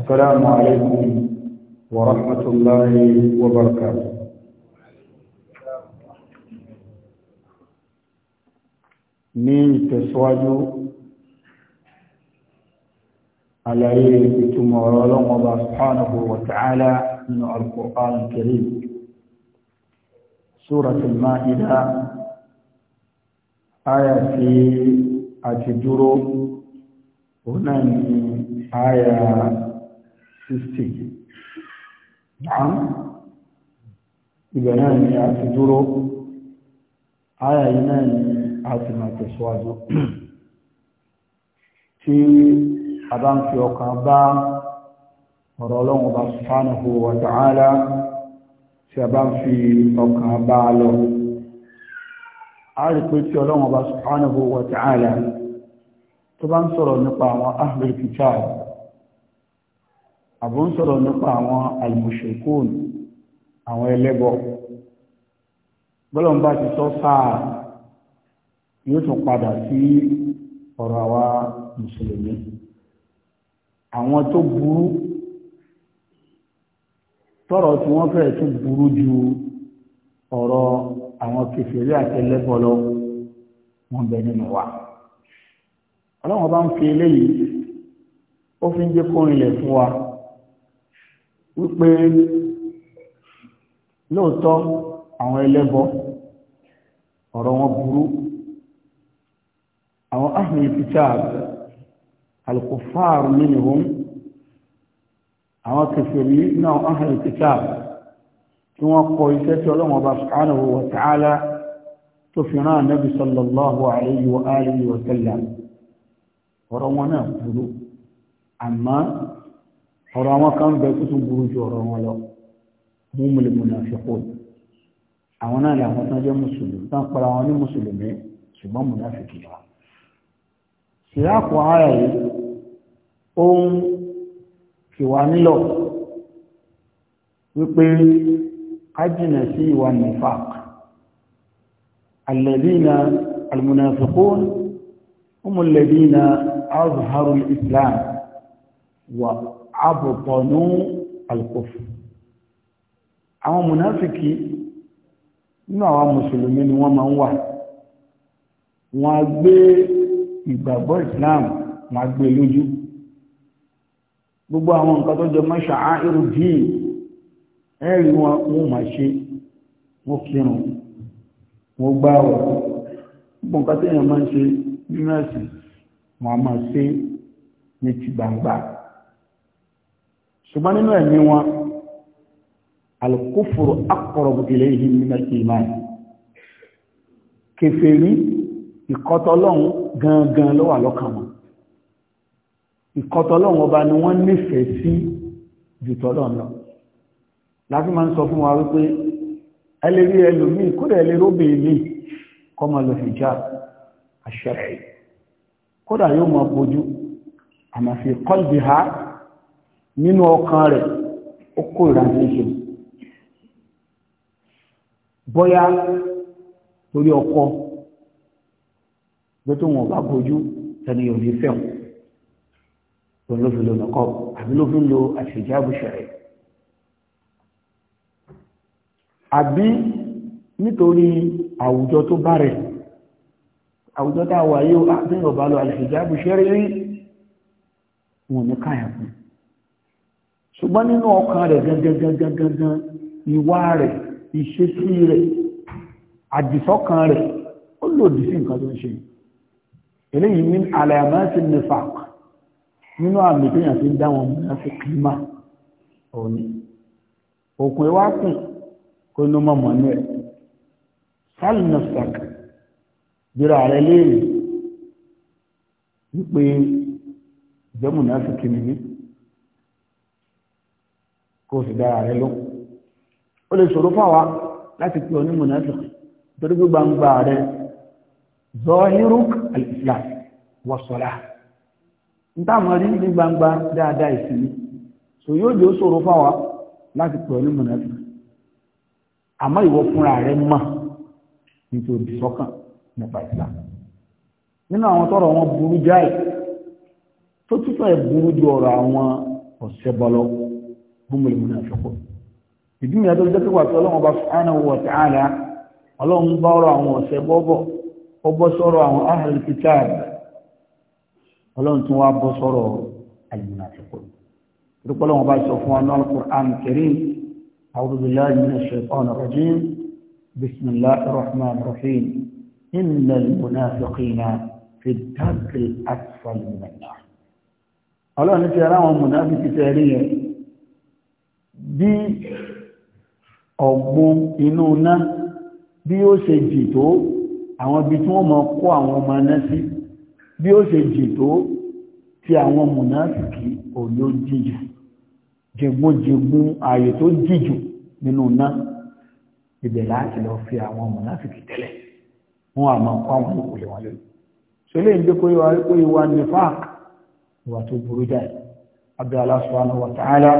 السلام عليكم ورحمة الله وبركاته ní ìtẹ̀síwájú àlàyé ìtumọ̀ ọ̀rọ̀ ọlọ́run ọba subhanahu wa ta'ala nínú al-Qur'an al-Karim Suratul Ma'idah aya tí a ti dúró òun náà ni aya sixty naam ibẹ̀ náà ni a ti dúró àyà yìí náà ni a ti máa tẹ̀síwájú tí a bá ń fi ọkàn bá ọ̀rọ̀ ọlọ́run bá subhanahu wa ta'ala tí a bá ń fi ọkàn bá lọ a tí ọlọ́run bá subhanahu wa ta'ala tó bá ń sọ̀rọ̀ nípa àwọn ahlul àbò ń sọ̀rọ̀ nípa àwọn àlùmọ̀ṣẹ̀kùn àwọn ẹlẹ́bọ bọ́lọ̀mbà ti sọ sáà yóò tún padà sí ọ̀rọ̀ àwa mùsùlùmí àwọn tó burú tọrọ tí wọ́n fẹ́ẹ̀ tún burú ju ọ̀rọ̀ àwọn kèfèrí àti ẹlẹ́bọ lọ wọ́n bẹ nínú wa ọlọ́wọ́n bá ń fi eléyìí ó fi ń jẹ́ kó rinlẹ̀ fún wa wípé lóòótọ́ àwọn ẹlẹ́bọ ọ̀rọ̀ wọn burú àwọn ahùn kitab al-kuffar minhum àwọn kèfèrí náà ahùn kitab tí wọ́n kọ iṣẹ́ tí ọlọ́wọ́n bá subhanahu wa ta'ala tó fi rán ànábì sallallahu alayhi wa alihi wa sallam ọ̀rọ̀ wọn náà burú àmọ́ ọ̀rọ̀ àwọn kan bẹ tó tún burú ju ọ̀rọ̀ wọn lọ mú mi lè munafiqun àwọn náà làwọn tán jẹ́ mùsùlùmí tán pẹ̀lú àwọn ní mùsùlùmí ṣùgbọ́n munafiki wa ìyáàpọ̀ ara yìí ó ń fìwà nílọ̀ wípé kájìnà sí ìwà nifaq alladhina almunafiqun hum alladhina azharu al-islam wa abùpọ̀nú alkòfù àwọn mùnáfìkì nínú àwọn mùsùlùmí ni wọ́n máa ń wà wọ́n á gbé ìgbàgbọ́ islam wọ́n á gbé lójú gbogbo àwọn nǹkan tó jẹ mọ́ ṣàáìrù díì ẹ̀rí wọn wọ́n máa ṣe wọ́n kírun wọ́n gbààwẹ̀ gbogbo nǹkan tó yẹn máa ń ṣe nínú ẹ̀sìn wọ́n á máa ṣe ní ti gbangba ṣùgbọ́n nínú ẹ̀mí wọn alkufuru aqrabu ilayhim minal iman kèfèrí ìkọtọlọ́hun gangan ló wà lọ́kàn wọn ìkọtọlọ́hun ọba ni wọ́n nífẹ̀ẹ́ sí jùtọ́lọ́hun lọ láti máa ń sọ fún wa wípé ẹlẹ́rí ẹlòmíì kódà ẹlẹ́rí obìnrin kọ́ máa lọ hijab ash-shar'i kódà yóò máa bójú àmàfi qalbiha nínú ọkàn rẹ̀ ó kó ìrànlẹ́ṣẹ̀ bóyá torí ọkọ bí tó wọn bá bójú tẹni ò ní fẹ́ wọn ló fi lo nìkọ́ àbí ló fi lo àṣejáàbù ṣẹ̀rẹ̀ àbí nítorí àwùjọ tó bá rẹ̀ àwùjọ tá a wà yóò àti ìrọ̀bá lọ àṣejáàbù ṣẹ̀rẹ̀ rí wọn ní káyà fún un ṣùgbọ́n nínú ọkàn rẹ̀ gangan ìwà rẹ̀ ìṣesí rẹ̀ àdìsọ́kàn rẹ̀ ó lòdì sí nǹkan tó ń ṣe eléyìí ní alàmásí nifaq nínú àmì tó yàn sí dáwọn mọ́sí kíma òní òkun ìwá kùn kó ní ọmọ mọ̀nú ẹ̀ sálìnàfàk jẹ́rọ ààrẹ léèrè wípé ìjẹ́mùnà sí kìnnìyàn kó fi dára rẹ ló ó lè ṣòro fáwa láti pé onímọ̀nàfíà torí gbogbo àǹgbà rẹ zọ́hírúk alìsílám wọ̀sọ̀lá ń táwọn rí ní gbangba dáadáa ìsinmi so yóò jẹ́ ó ṣòro fáwa láti pè ọ́ ní mọ̀nàfíà àmọ́ ìwọ fúnra rẹ mọ̀ nítorí sọ́kàn nípa nínú àwọn tọrọ wọn burú jáì tó túfẹ̀ humul munafiqun ìdí mi àtọ́jú pé wàtí ọlọ́run ọba subhanahu wa ta'ala ọlọ́run bá ọ̀rọ̀ àwọn ọ̀sẹ̀ bọ́bọ̀ ó bọ́ sọ́rọ̀ àwọn ahlul kitab ọlọ́run tún wá bọ́ sọ́rọ̀ al-munafiqun ìdúpọ̀ ọlọ́run ọba sọ fún wa náà al-Qur'an al-Karim a'udhu billahi minash shaytanir rajim bismillahir rahmanir rahim innal munafiqina fi ad-darkil asfali minan nar ọlọ́run ti ara àwọn mùnàfíkì tẹ́rí yẹn bí ọ̀gbun inú náà bí ó ṣe jì tó àwọn ibi tí wọ́n mọ̀ kó àwọn ọmọ náà sí bí ó ṣe jì tó tí àwọn mùnáfìkì ò ní ó jìjù jẹgbójẹgbún ààyè tó jìjù nínú náà ibẹ̀ láti lọ fi àwọn mùnáfìkì tẹ́lẹ̀ wọn àmọ́ kó àwọn olùkùnlé wọn lórí ṣẹlẹ̀ ń dé kó ìwà nífàk ìwà tó burú jáde abdullah subhanahu wa ta'ala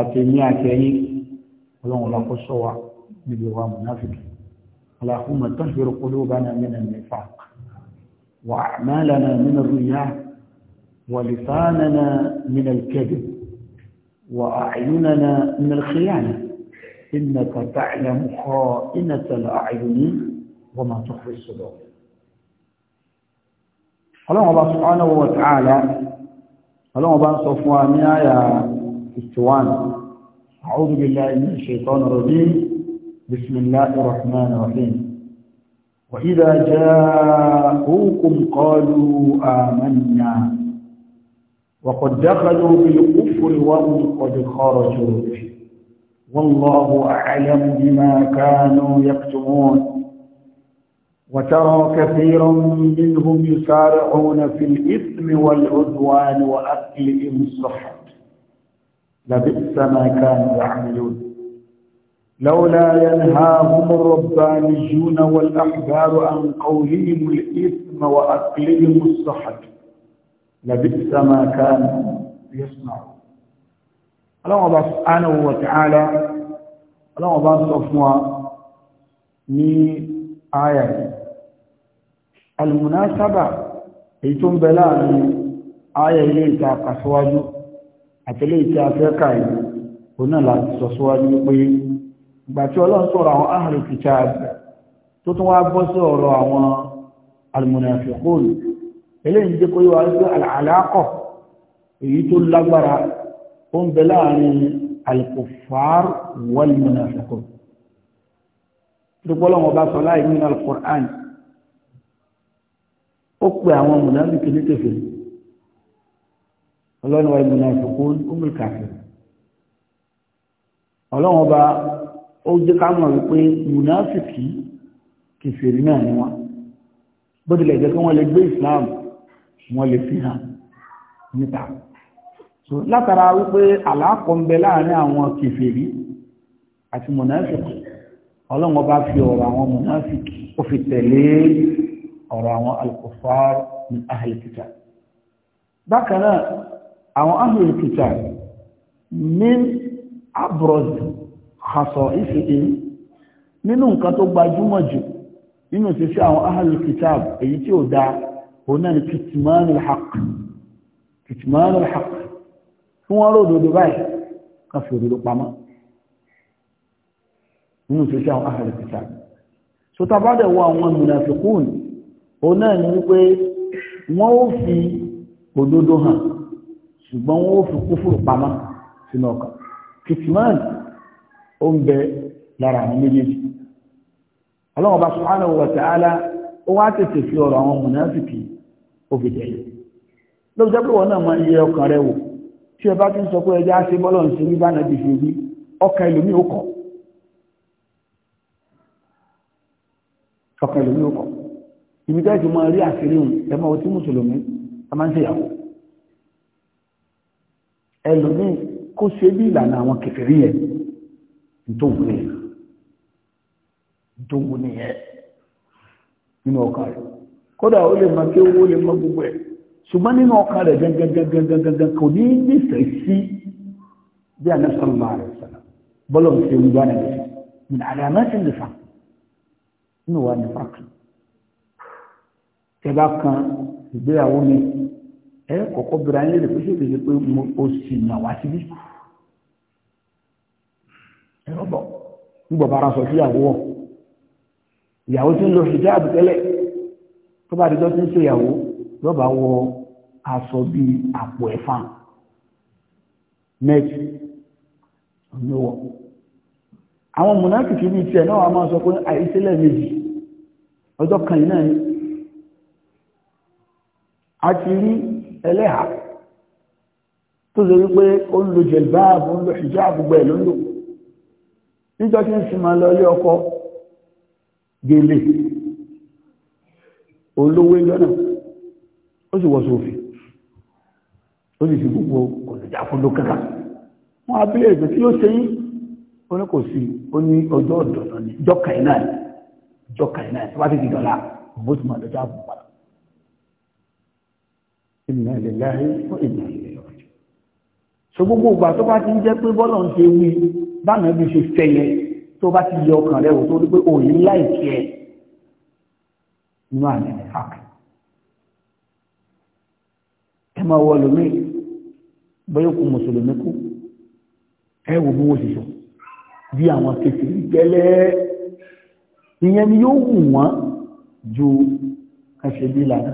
àtẹ̀yìn àtẹ̀yìn ọlọ́run lọ́kọ́ sọ wa níbi wa mùnáfíkì اللهم طهر قلوبنا من النفاق وأعمالنا من الرياء ولساننا من الكذب وأعيننا من الخيانة إنك تعلم خائنة الأعين وما تخفي الصدور الله سبحانه وتعالى الله سبحانه وتعالى اسطوانة أعوذ بالله من الشيطان الرجيم بسم الله الرحمن الرحيم وإذا جاءوكم قالوا آمنا وقد دخلوا بالكفر وهم قد خرجوا به والله أعلم بما كانوا يكتمون وترى كثيرا منهم يسارعون في الإثم والعدوان وأكلهم الصحة لبئس ما كانوا يعملون لولا ينهاهم الربانيون والأحبار عن قولهم الإثم وأكلهم السحت لبئس ما كانوا يصنعون الله سبحانه وتعالى الله سبحانه ní àyà almunasaba èyí tó ń bẹ láàrin àyà ilé àtẹ́lẹ́ ìtẹ́ afẹ́kà yìí òun náà láti sọ síwájú pé ìgbà tí ọlọ́run sọ̀rọ̀ àwọn ahàrẹ̀ kìíkà tó tún wá bọ́ sí ọ̀rọ̀ àwọn almunafiqun eléyìí jẹ́ kó yíwa wípé àlàkọ̀ èyí tó lágbára ó ń bẹ láàrin alkufar wal munafiqun dúpọ́lọ́ wọn bá sọ láì nínú alkur'an ó pe àwọn munafiki ní kèfèrí ọlọ́run wa ìmúna ìfòkó umul kafir ọlọ́run ọba ó jẹ́ ká mọ̀ wípé munafiki kìfèrí náà ni wọ́n bó tilẹ̀ jẹ́ kí wọ́n lè gbé islam wọ́n lè fi hàn níta so látara wípé àlàkọ̀ ń bẹ láàrin àwọn kìfèrí àti munafiki ọlọ́run ọba fi ọ̀rọ̀ àwọn munafiki ó fi tẹ̀lé ọ̀rọ̀ àwọn al-kuffar min bákan náà àwọn ahlul kitab min abroad hasọ ìfìdí nínú nǹkan tó gbajúmọ̀ jù nínú ti sí àwọn ahlul kitab èyí tí ó dá òun náà ni kìtìmánul haqq kìtìmánul haqq fún kan fi òdòdó pamọ́ nínú tó ṣe àwọn so ta wọ àwọn ní fi hàn ṣùgbọ́n wọ́n fi kúfùrù pamọ́ sínú ọkàn kìtìmán ó ń bẹ lára àwọn méjèèjì ọlọ́run bá subhanahu wa ta'ala ó wá tètè fi ọ̀rọ̀ àwọn mùnáfìkì ó fi tẹ̀lé lóbi jẹ́ pé wọn náà máa ń yẹ ọkàn rẹ wò tí ẹ bá ti ń sọ pé ẹjẹ́ á ṣe bọ́lọ̀ ń ṣe ní bá nàbì fi wí ọkàn ẹlòmíì ó kọ̀ ọkàn ẹlòmíì ó kọ̀ ibi máa rí àṣírí ẹ̀ máa ẹlòmíì kó ṣe bí ìlànà àwọn kèfèrí yẹn ntòwú ni ntòwú ni yẹn nínú ọkàn rẹ̀ kódà ó lè mọ kí owó lè mọ gbogbo ẹ̀ ṣùgbọ́n nínú ọkàn rẹ̀ gangan kò ní nífẹ̀ẹ́ sí bí anásánlá rẹ̀ sọ̀rọ̀ bọ́lọ̀ ń ṣe ń gbá rẹ̀ sí ní àdámẹ́sì nìfà nínú wa nìfà kan tẹ bá kan ìgbéyàwó mi ẹ kọ́kọ́ bẹ̀rẹ̀ ayé rẹ̀ fúnṣẹ́ ìdíje pé o sì nà wá síbí ẹ rọ́bọ̀ nígbà bára sọ síyàwó wọ̀ ìyàwó tí ń lo hijab tẹ́lẹ̀ tó bá dijọ́ tí ń ṣe ìyàwó lọ́ba wọ aṣọ bíi àpò ẹ̀fà mẹ́tì ọ̀nọ́wọ̀ àwọn mùnáfìkì bíi tiẹ̀ náà wàá máa sọ pé àìsílẹ̀ méjì ọjọ́ kan yìí náà ni a ti rí ele ha ṣe wípé ó lò lo jẹ̀lbáàbù ń lo hijabu gbẹ̀ ló níjọ́ tí ń lọ ilé ọkọ gèlè olówó lọ́nà ó sì wọ́ sófin ó sì fi gbogbo olùjáfúndó kankan wọ́n abílẹ̀ ìgbẹ̀ tí ó ṣe yí ó ní kò sí ó ní ọjọ́ ni ní náà náà tí ti di dọ́là inna lillahi wa inna ilaihi raji'un. so gbogbo ìgbà tó bá ti ń jẹ́ pé bọ́lọ̀ ń ṣe wí báwọn ẹbí ṣe fẹ́ yẹ tó bá ti yẹ ọkàn rẹ̀ wò tó rí pé òye láì tiẹ̀ inú àmì ìfàkì ẹ máa wọ lómi bóyá kú mùsùlùmí kú ẹ wò bí wọ́n ṣe sọ bí àwọn kékeré gẹ́lẹ́ ìyẹn ni yóò wù wọ́n ju ẹ̀ṣẹ̀ bí lànà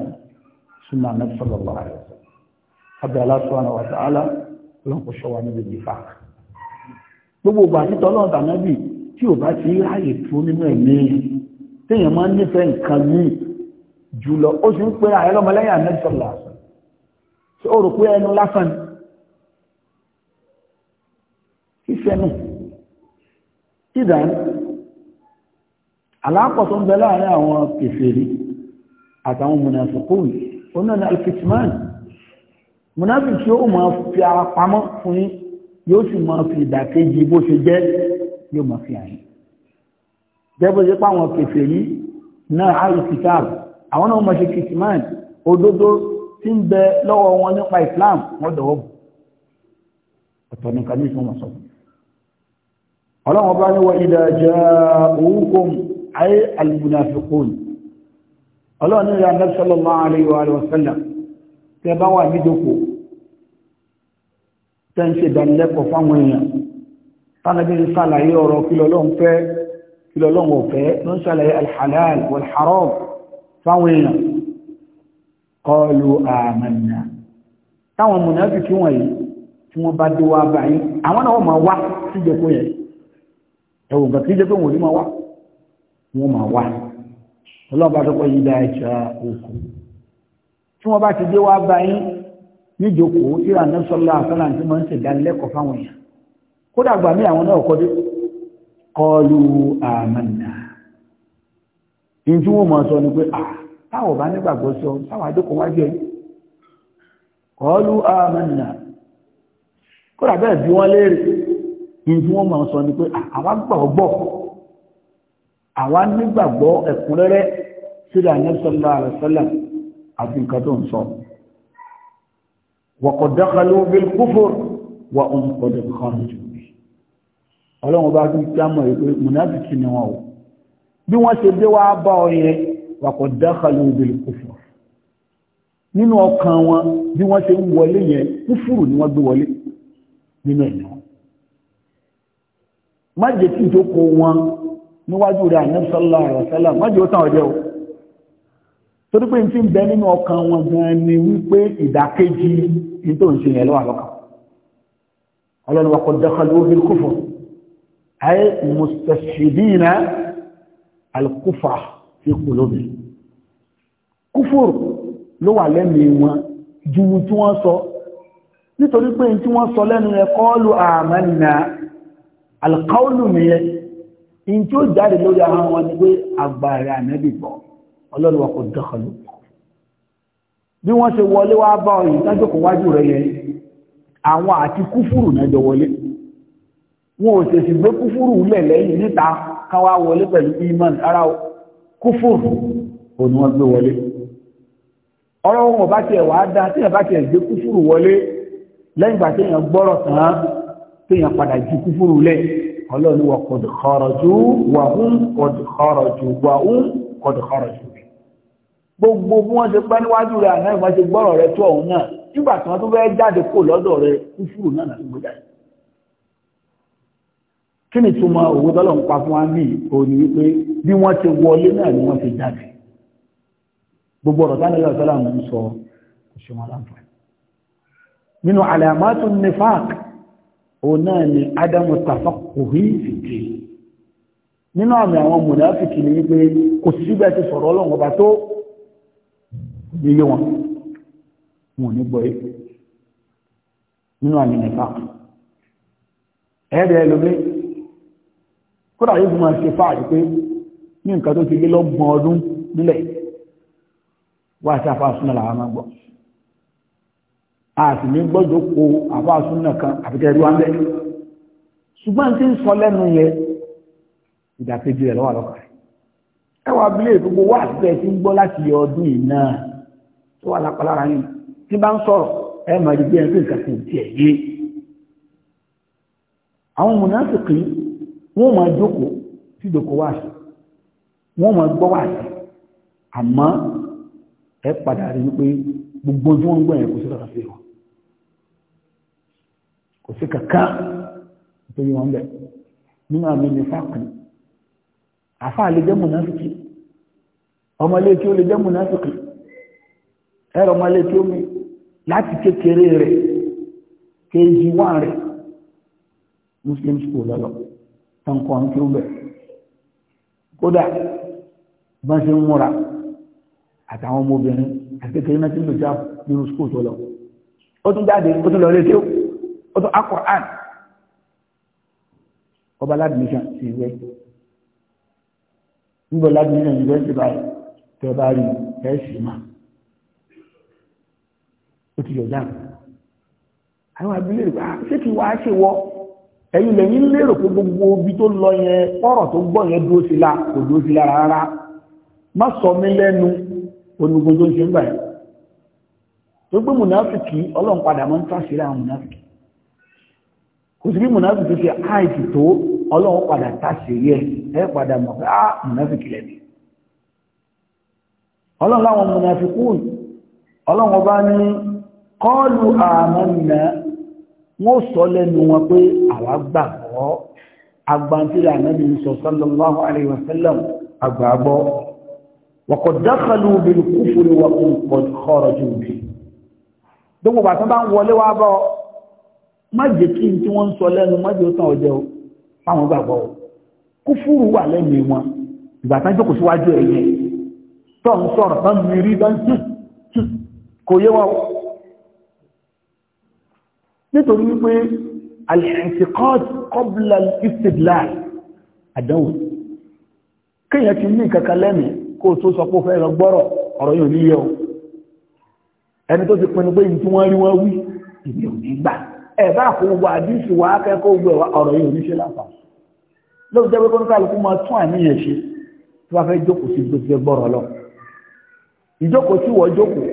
súnmọ́ Nabi sallallahu alaihi wasallam abẹ́ aláṣọ́nà wàtàálà lọ́kọ̀ṣọ́ wa níbi ìfà gbogbo ìgbà títọ́ lọ́nà tànábì tí ò bá ti ráyè tó nínú ẹ̀mí téèyàn máa ń nífẹ̀ẹ́ nǹkan míì jùlọ ó sì ń pé ààrẹ lọ́mọlẹ́yìn anábì sallallahu alaihi wasallam tí ó rò pé ẹnu lásán ni ìfẹ́nu ìdáni aláàpọ̀ bẹ láàrin àwọn kèfèrí àtàwọn mùnàfíkù yìí òun náà ni alkitman munafiki yóò máa fi ara pamọ́ fún yín yóò sì máa fi ìdàkejì bó ṣe jẹ́ yóò máa fi àyín jẹ́bó ṣe pa àwọn kẹfẹ́ yìí náà alkitab àwọn náà máa ṣe kitman òdodo tí ń bẹ lọ́wọ́ wọn nípa Islam wọ́n dọ̀wọ́ bù ọ̀tọ̀ nìkan ní ìsúnmọ̀ sọ ọlọ́run bá ní wa ìdàjà òun kò ayé almunafikun ọlọ́run ní ìlànà sallallahu alaihi wa sallam tẹ bá wà nídòkó tẹ́ ń ṣe ìdánilẹ́kọ̀ọ́ fáwọn èèyàn tánàbí ń ṣàlàyé ọ̀rọ̀ kílọ̀lọ́hun fẹ́ kílọ̀lọ́hun ọ̀fẹ́ ló ń ṣàlàyé alhalal walharam fáwọn èèyàn qalu amanna táwọn mùnàfíkí wọ̀nyí tí wọ́n bá dé wá báyìí àwọn náà wọ́n máa wá síjẹ́kó yẹn ẹ̀wọ̀n kan síjẹ́kó wọ́n ní máa wá wọ́n máa wá ọlọ́ọ̀bá tó kọ́ yí dá ìṣà òkú tí wọ́n bá ti dé wá báyìí níjókòó tí ìrànà sọ́lá àfẹ́lá tí wọ́n ń ṣe ìdánilẹ́kọ̀ọ́ fáwọn èèyàn kódà gbà mí àwọn náà kọ́ dé kọlu àmàna ní tí wọ́n mọ̀ sọ ni pé à táwọn bá nígbàgbọ́ sọ táwọn àdókòó wá jẹ́ kọlu àmàna kódà bẹ́ẹ̀ bí wọ́n léèrè ní tí wọ́n mọ̀ sọ ni pé àwọn gbọ̀ àwa nígbàgbọ́ ẹ̀kúnrẹ́rẹ́ sílẹ̀ àyẹ́sọ́lá àrẹ́sọ́lá àti nǹkan tó ń sọ wọ̀kọ̀ dákàlú bil kufur wà ń kọ̀dọ̀ kan jù ọlọ́run bá fi jámọ̀ ìpé mùnáfíkì ni wọn ò bí wọ́n ṣe dé wá bá ọ yẹn wọ̀kọ̀ dákàlú bil kufur nínú ọkàn wọn bí wọ́n ṣe ń wọlé yẹn kúfùrù ni wọ́n gbé wọlé nínú ẹ̀yàn má jẹ́ kí ìjókòó wọn níwájú rẹ̀ Ànábì sallallahu alaihi wasallam má jẹ́ ó tàn ọjẹ́ o torí pé n ti ń bẹ nínú ọkàn wọn gan ni wípé ìdákejì tó ń ṣe yẹn lọ́wọ́ àlọ́kà ọlọ́run wa qad dakhalu bil kufr ay mustashhidina al wọ́n sọ nítorí pé tí in tí ó jáde lórí àwọn wọn ni pé agbára ànábì bọ̀ ọlọ́run wa kò dọ́kọlù bí wọ́n ṣe wọlé wá bá ọyìn lájọ́ kò wájú rẹ̀ yẹn àwọn àti kúfùrù náà jọ wọlé wọn ò ṣèṣì gbé kúfùrù lẹ̀ lẹ́yìn níta kan wá wọlé pẹ̀lú iman ara kúfùrù ò ní wọ́n gbé wọlé ọ̀rọ̀ wọn bá tiẹ̀ wá dá tí bá tiẹ̀ gbé kúfùrù wọlé lẹ́yìn ìgbà tí gbọ́rọ̀ tán tí padà ju kúfùrù lẹ́yìn ọlọ́run wà qad kharaju wà hum qad kharaju wà hum qad kharaju gbogbo bí wọ́n ṣe pẹ́ níwájú rẹ̀ àná ìwọ́n ṣe gbọ́rọ̀ rẹ̀ tó ọ̀hún náà nígbà tí wọ́n tó fẹ́ jáde kó lọ́dọ̀ rẹ̀ kúfùrù náà láti gbé jáde kí ni túmọ̀ òwe tọ́lọ̀ ń pa fún wa ní wípé bí wọ́n ti wọlé náà ni wọ́n ti jáde gbogbo ọ̀rọ̀ tánà yóò sọ́lá sọ òṣèwọ̀n láǹfààní nínú àlàmátù nifaq Ona ni ádámù tàfàkùhí fìdí nínú àmì àwọn mùnàfìkì ni wípé kò síbẹ̀ ti sọ̀rọ̀ ọlọ́run ọba tó nílé wọn wọn ò ní gbọ́ yìí nínú àmì nìfà ẹ̀ẹ́dẹ̀ ẹlòmí kódà yóò fi máa ṣe fáàrí pé ní nǹkan tó ti lé lọ́gbọ̀n ọdún nílẹ̀ wá sí afáàsúnmọ́ làwọn máa gbọ́ àti ní gbọ́dọ̀ kó àbáṣún náà kan àbíkẹ́rí wá ń bẹ́ ṣùgbọ́n tí ń sọ lẹ́nu yẹ ìdàkejì rẹ̀ lọ́wọ́ lọ́kàn rẹ̀ ẹ wà bí lè gbogbo wà bẹ́ẹ̀ tí ń gbọ́ láti yọ ọdún yìí náà tó wà lápá lára yìí tí bá ń sọ̀rọ̀ ẹ mà rí bí ẹni tó nǹkan kò tiẹ̀ yé àwọn mùnáfìkì wọn máa jókòó tí ìdòkó wà sí wọn máa gbọ́ wà sí àmọ́ ẹ padà rí wípé gbogbo tí wọ́n ń gbọ́ yẹn kò sí lọ́kàn sí wọn kò sí kàkà nina yí wọn afa nínú àmì nífàkì àfáà lè jẹ́ mùnáfíkì ọmọlé mi láti kékeré rẹ̀ kéjì wá muslim school lọ́lọ́ tọ́nkọ́ ń kí ó bẹ̀ kódà bá ṣe ń múra àtàwọn ọmọbìnrin àti school tó lọ ó tún jáde ó tún lọ ó tó akọ̀rán ọba ládùmíṣàn sí ìwé níbo ládùmíṣàn ìwé ti báyìí tẹ bá rí ẹ sì máa ó ti yọ̀ dáhùn àwọn abúlé ah, ṣe wọ́ ẹ̀yin lẹ́yìn lérò pé gbogbo ibi lọ yẹn ọ̀rọ̀ to gbọ la la kò sí bí mùnáfíkì ṣe àìsì tó ọlọ́run padà tàṣírí ẹ̀ ẹ padà mọ̀ pé ah mùnáfíkì lẹ́bi ọlọ́run láwọn mùnáfíkùn ọlọ́run ọba ní kọ́ọ̀lù àmánà wọ́n sọ lẹ́nu wọn pé àwa gbàgbọ́ agbantíra ànábì sọ sallallahu alayhi àgbàgbọ́ wọ̀kọ̀ má jẹ́ kí n tí wọ́n ń sọ lẹ́nu má jẹ́ ó tàn ọjẹ́ o fáwọn gbàgbọ́ o kúfúrú wà lẹ́nu wọn ìgbà tán jókòó síwájú ẹ̀ yẹn tó ń sọ̀rọ̀ tán mi rí bá ń tún tún kò yé wọn o nítorí wípé al-i'tiqad qabla al àdánwò kéèyàn ti ní ìkankan lẹ́nu kó o tó sọ pé ó fẹ́ gbọ́rọ̀ ọ̀rọ̀ yóò ní yẹ ẹni tó ti pinnu pé ní rí wọ́n wí ìgbè òní gbà ẹ̀bá àfọwọ́ àdíṣù wà akẹ́kọ̀ọ́ ogun ẹ̀wà ọ̀rọ̀ yìí oníṣẹ́ láfàá lóòótọ́ jẹ́ pé kó ní kálukú máa tún àníyàn ṣe tí wọ́n fẹ́ jókòó sí gbogbo ẹgbẹ́ ọ̀rọ̀ lọ ìjókòó tí wọ́n jókòó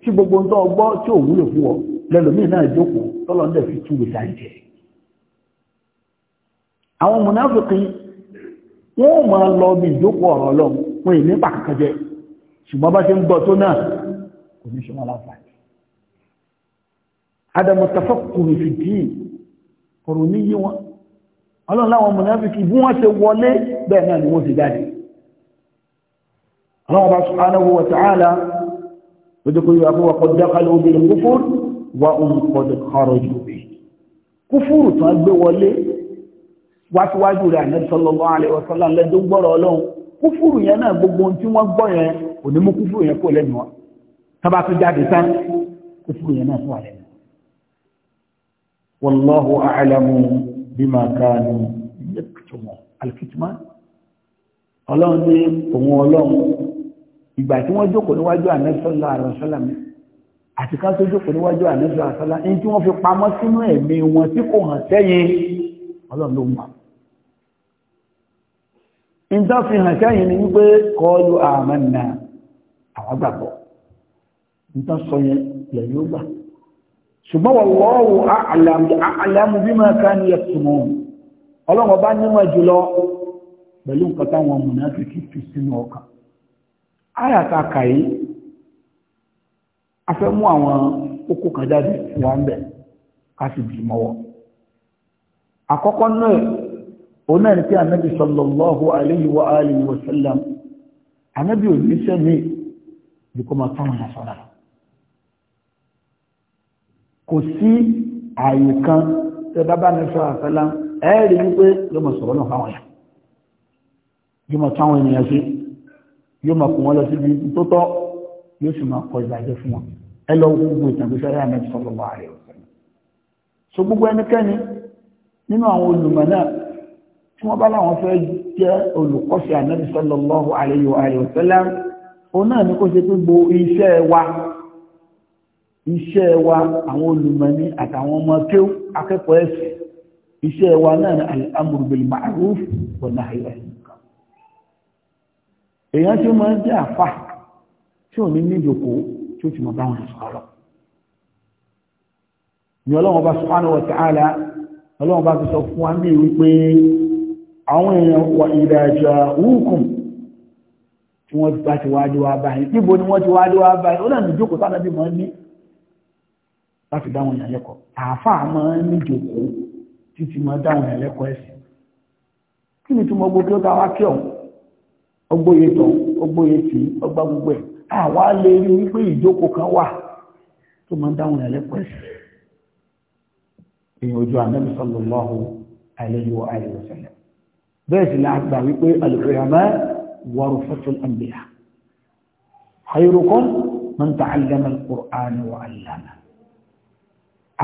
tí gbogbo ń tọ́ gbọ́ tí ò wúlò fún ọ lẹ́lòmíì náà jókòó tọ́lọ́ ń dẹ̀ fi túwèé sáyẹn àwọn mùnáfíkì wọ́n máa lọ bí ìjókòó ọ̀rọ̀ lọ fún ìní adamu tafakuru fi dín ọ̀rọ̀ níyí wọn ọlọ́run láwọn mùnáfíkì bí wọ́n ṣe wọlé bẹ́ẹ̀ náà ni wọ́n ti jáde ọlọ́run bá subhanahu wa ta'ala lójókòó yóò àbúwà qad dakhalu bil kufr wa hum qad kharaju bihi kúfúrù tán gbé wọlé wá síwájú rẹ̀ ànábì sallallahu alaihi wa wọ́n gbọ́ yẹn òní jáde tán kúfúrù yẹn náà tún wà والله أعلم بما كانوا يكتمون الكتمان الله ní òun ọlọ́run ìgbà tí wọ́n jókòó níwájú ànẹ́sọ́lá àrọ̀sọ́lá mi àti ká tó jókòó níwájú ànẹ́sọ́lá àrọ̀sọ́lá ní tí wọ́n fi pamọ́ sínú ẹ̀mí wọn tí kò hàn sẹ́yìn ọlọ́run ló mọ̀ ìjọ fi hàn sẹ́yìn ni wípé kọlu àmàna àwọn gbàgbọ́ ìjọ sọ yẹn lẹ́yìn ó gbàgbọ́ ṣùgbọ́n wallahu a'lam a'lamu bima kanu yaktumun ọlọ́run ọba nímọ̀ jùlọ pẹ̀lú nǹkan táwọn mùnàfíkì fi sínú ọkàn ayàtà kàyí a fẹ́ mú àwọn kókó kan jáde wà ń bẹ̀ ká sì bì mọ́wọ́ àkọ́kọ́ náà òun náà ní pé ànábì sallallahu alayhi wa alihi wa sallam ànábì òjíṣẹ́ mi bí kò máa tán wọn sọ́ra kò sí ààyè kan tẹ bá bá ní sọ àfẹ́lá ẹ̀ẹ́rì wípé yóò mọ̀ sọ̀rọ̀ náà fáwọn èèyàn yóò mọ̀ táwọn ènìyàn sí yóò mọ̀ kó wọn lọ síbi tó tọ́ yóò sì máa kọ ìbàjẹ́ fún wọn ẹ lọ gbogbo ìtàgbésí ayé àmì sọ̀rọ̀ wà rẹ̀ so gbogbo ẹnikẹ́ni nínú àwọn olùmọ̀ náà tí wọ́n bá láwọn fẹ́ jẹ́ olùkọ́sí ànábì sallallahu alayhi wa òun náà ni kó ṣe gbogbo iṣẹ́ wa iṣẹ́ wa àwọn olùmọ̀ní àtàwọn ọmọ kéw akẹ́kọ̀ọ́ ẹ̀sìn iṣẹ́ wa náà ni al-amru bil ma'ruf wa nahy anil munkar èèyàn tí ó máa ń jẹ́ àfà tí ò ní ní ìjòkó tí ó ti mọ̀ báwọn sọ̀rọ̀ ni ọlọ́run bá subhanahu wa ta'ala ọlọ́run bá ti sọ fún wa ní wípé àwọn èèyàn wà ìdájọ́ wúkùn tí wọ́n ti bá ti wá báyìí níbo ni wọ́n ti wájú wá báyìí ó náà ní ìjókòó sánàbí mọ́ ní láti dáwọn èèyàn lẹ́kọ̀ọ́ àáfàá máa ń níjòkó títí máa dáwọn èèyàn lẹ́kọ̀ọ́ ẹ̀sìn kí ni túmọ̀ gbogbo ọgá wa kí ọ̀hún ọgbóye tán ọgbóye tì í ọgbà gbogbo ẹ̀ àwa lè rí wípé ìjókòó kan wà tó máa ń dáwọn èèyàn lẹ́kọ̀ọ́ ẹ̀sìn èèyàn ojú ànábì sallallahu alayhi wa alihi wa sallam bẹ́ẹ̀ sì la gbà wípé al-ulama warasatul anbiya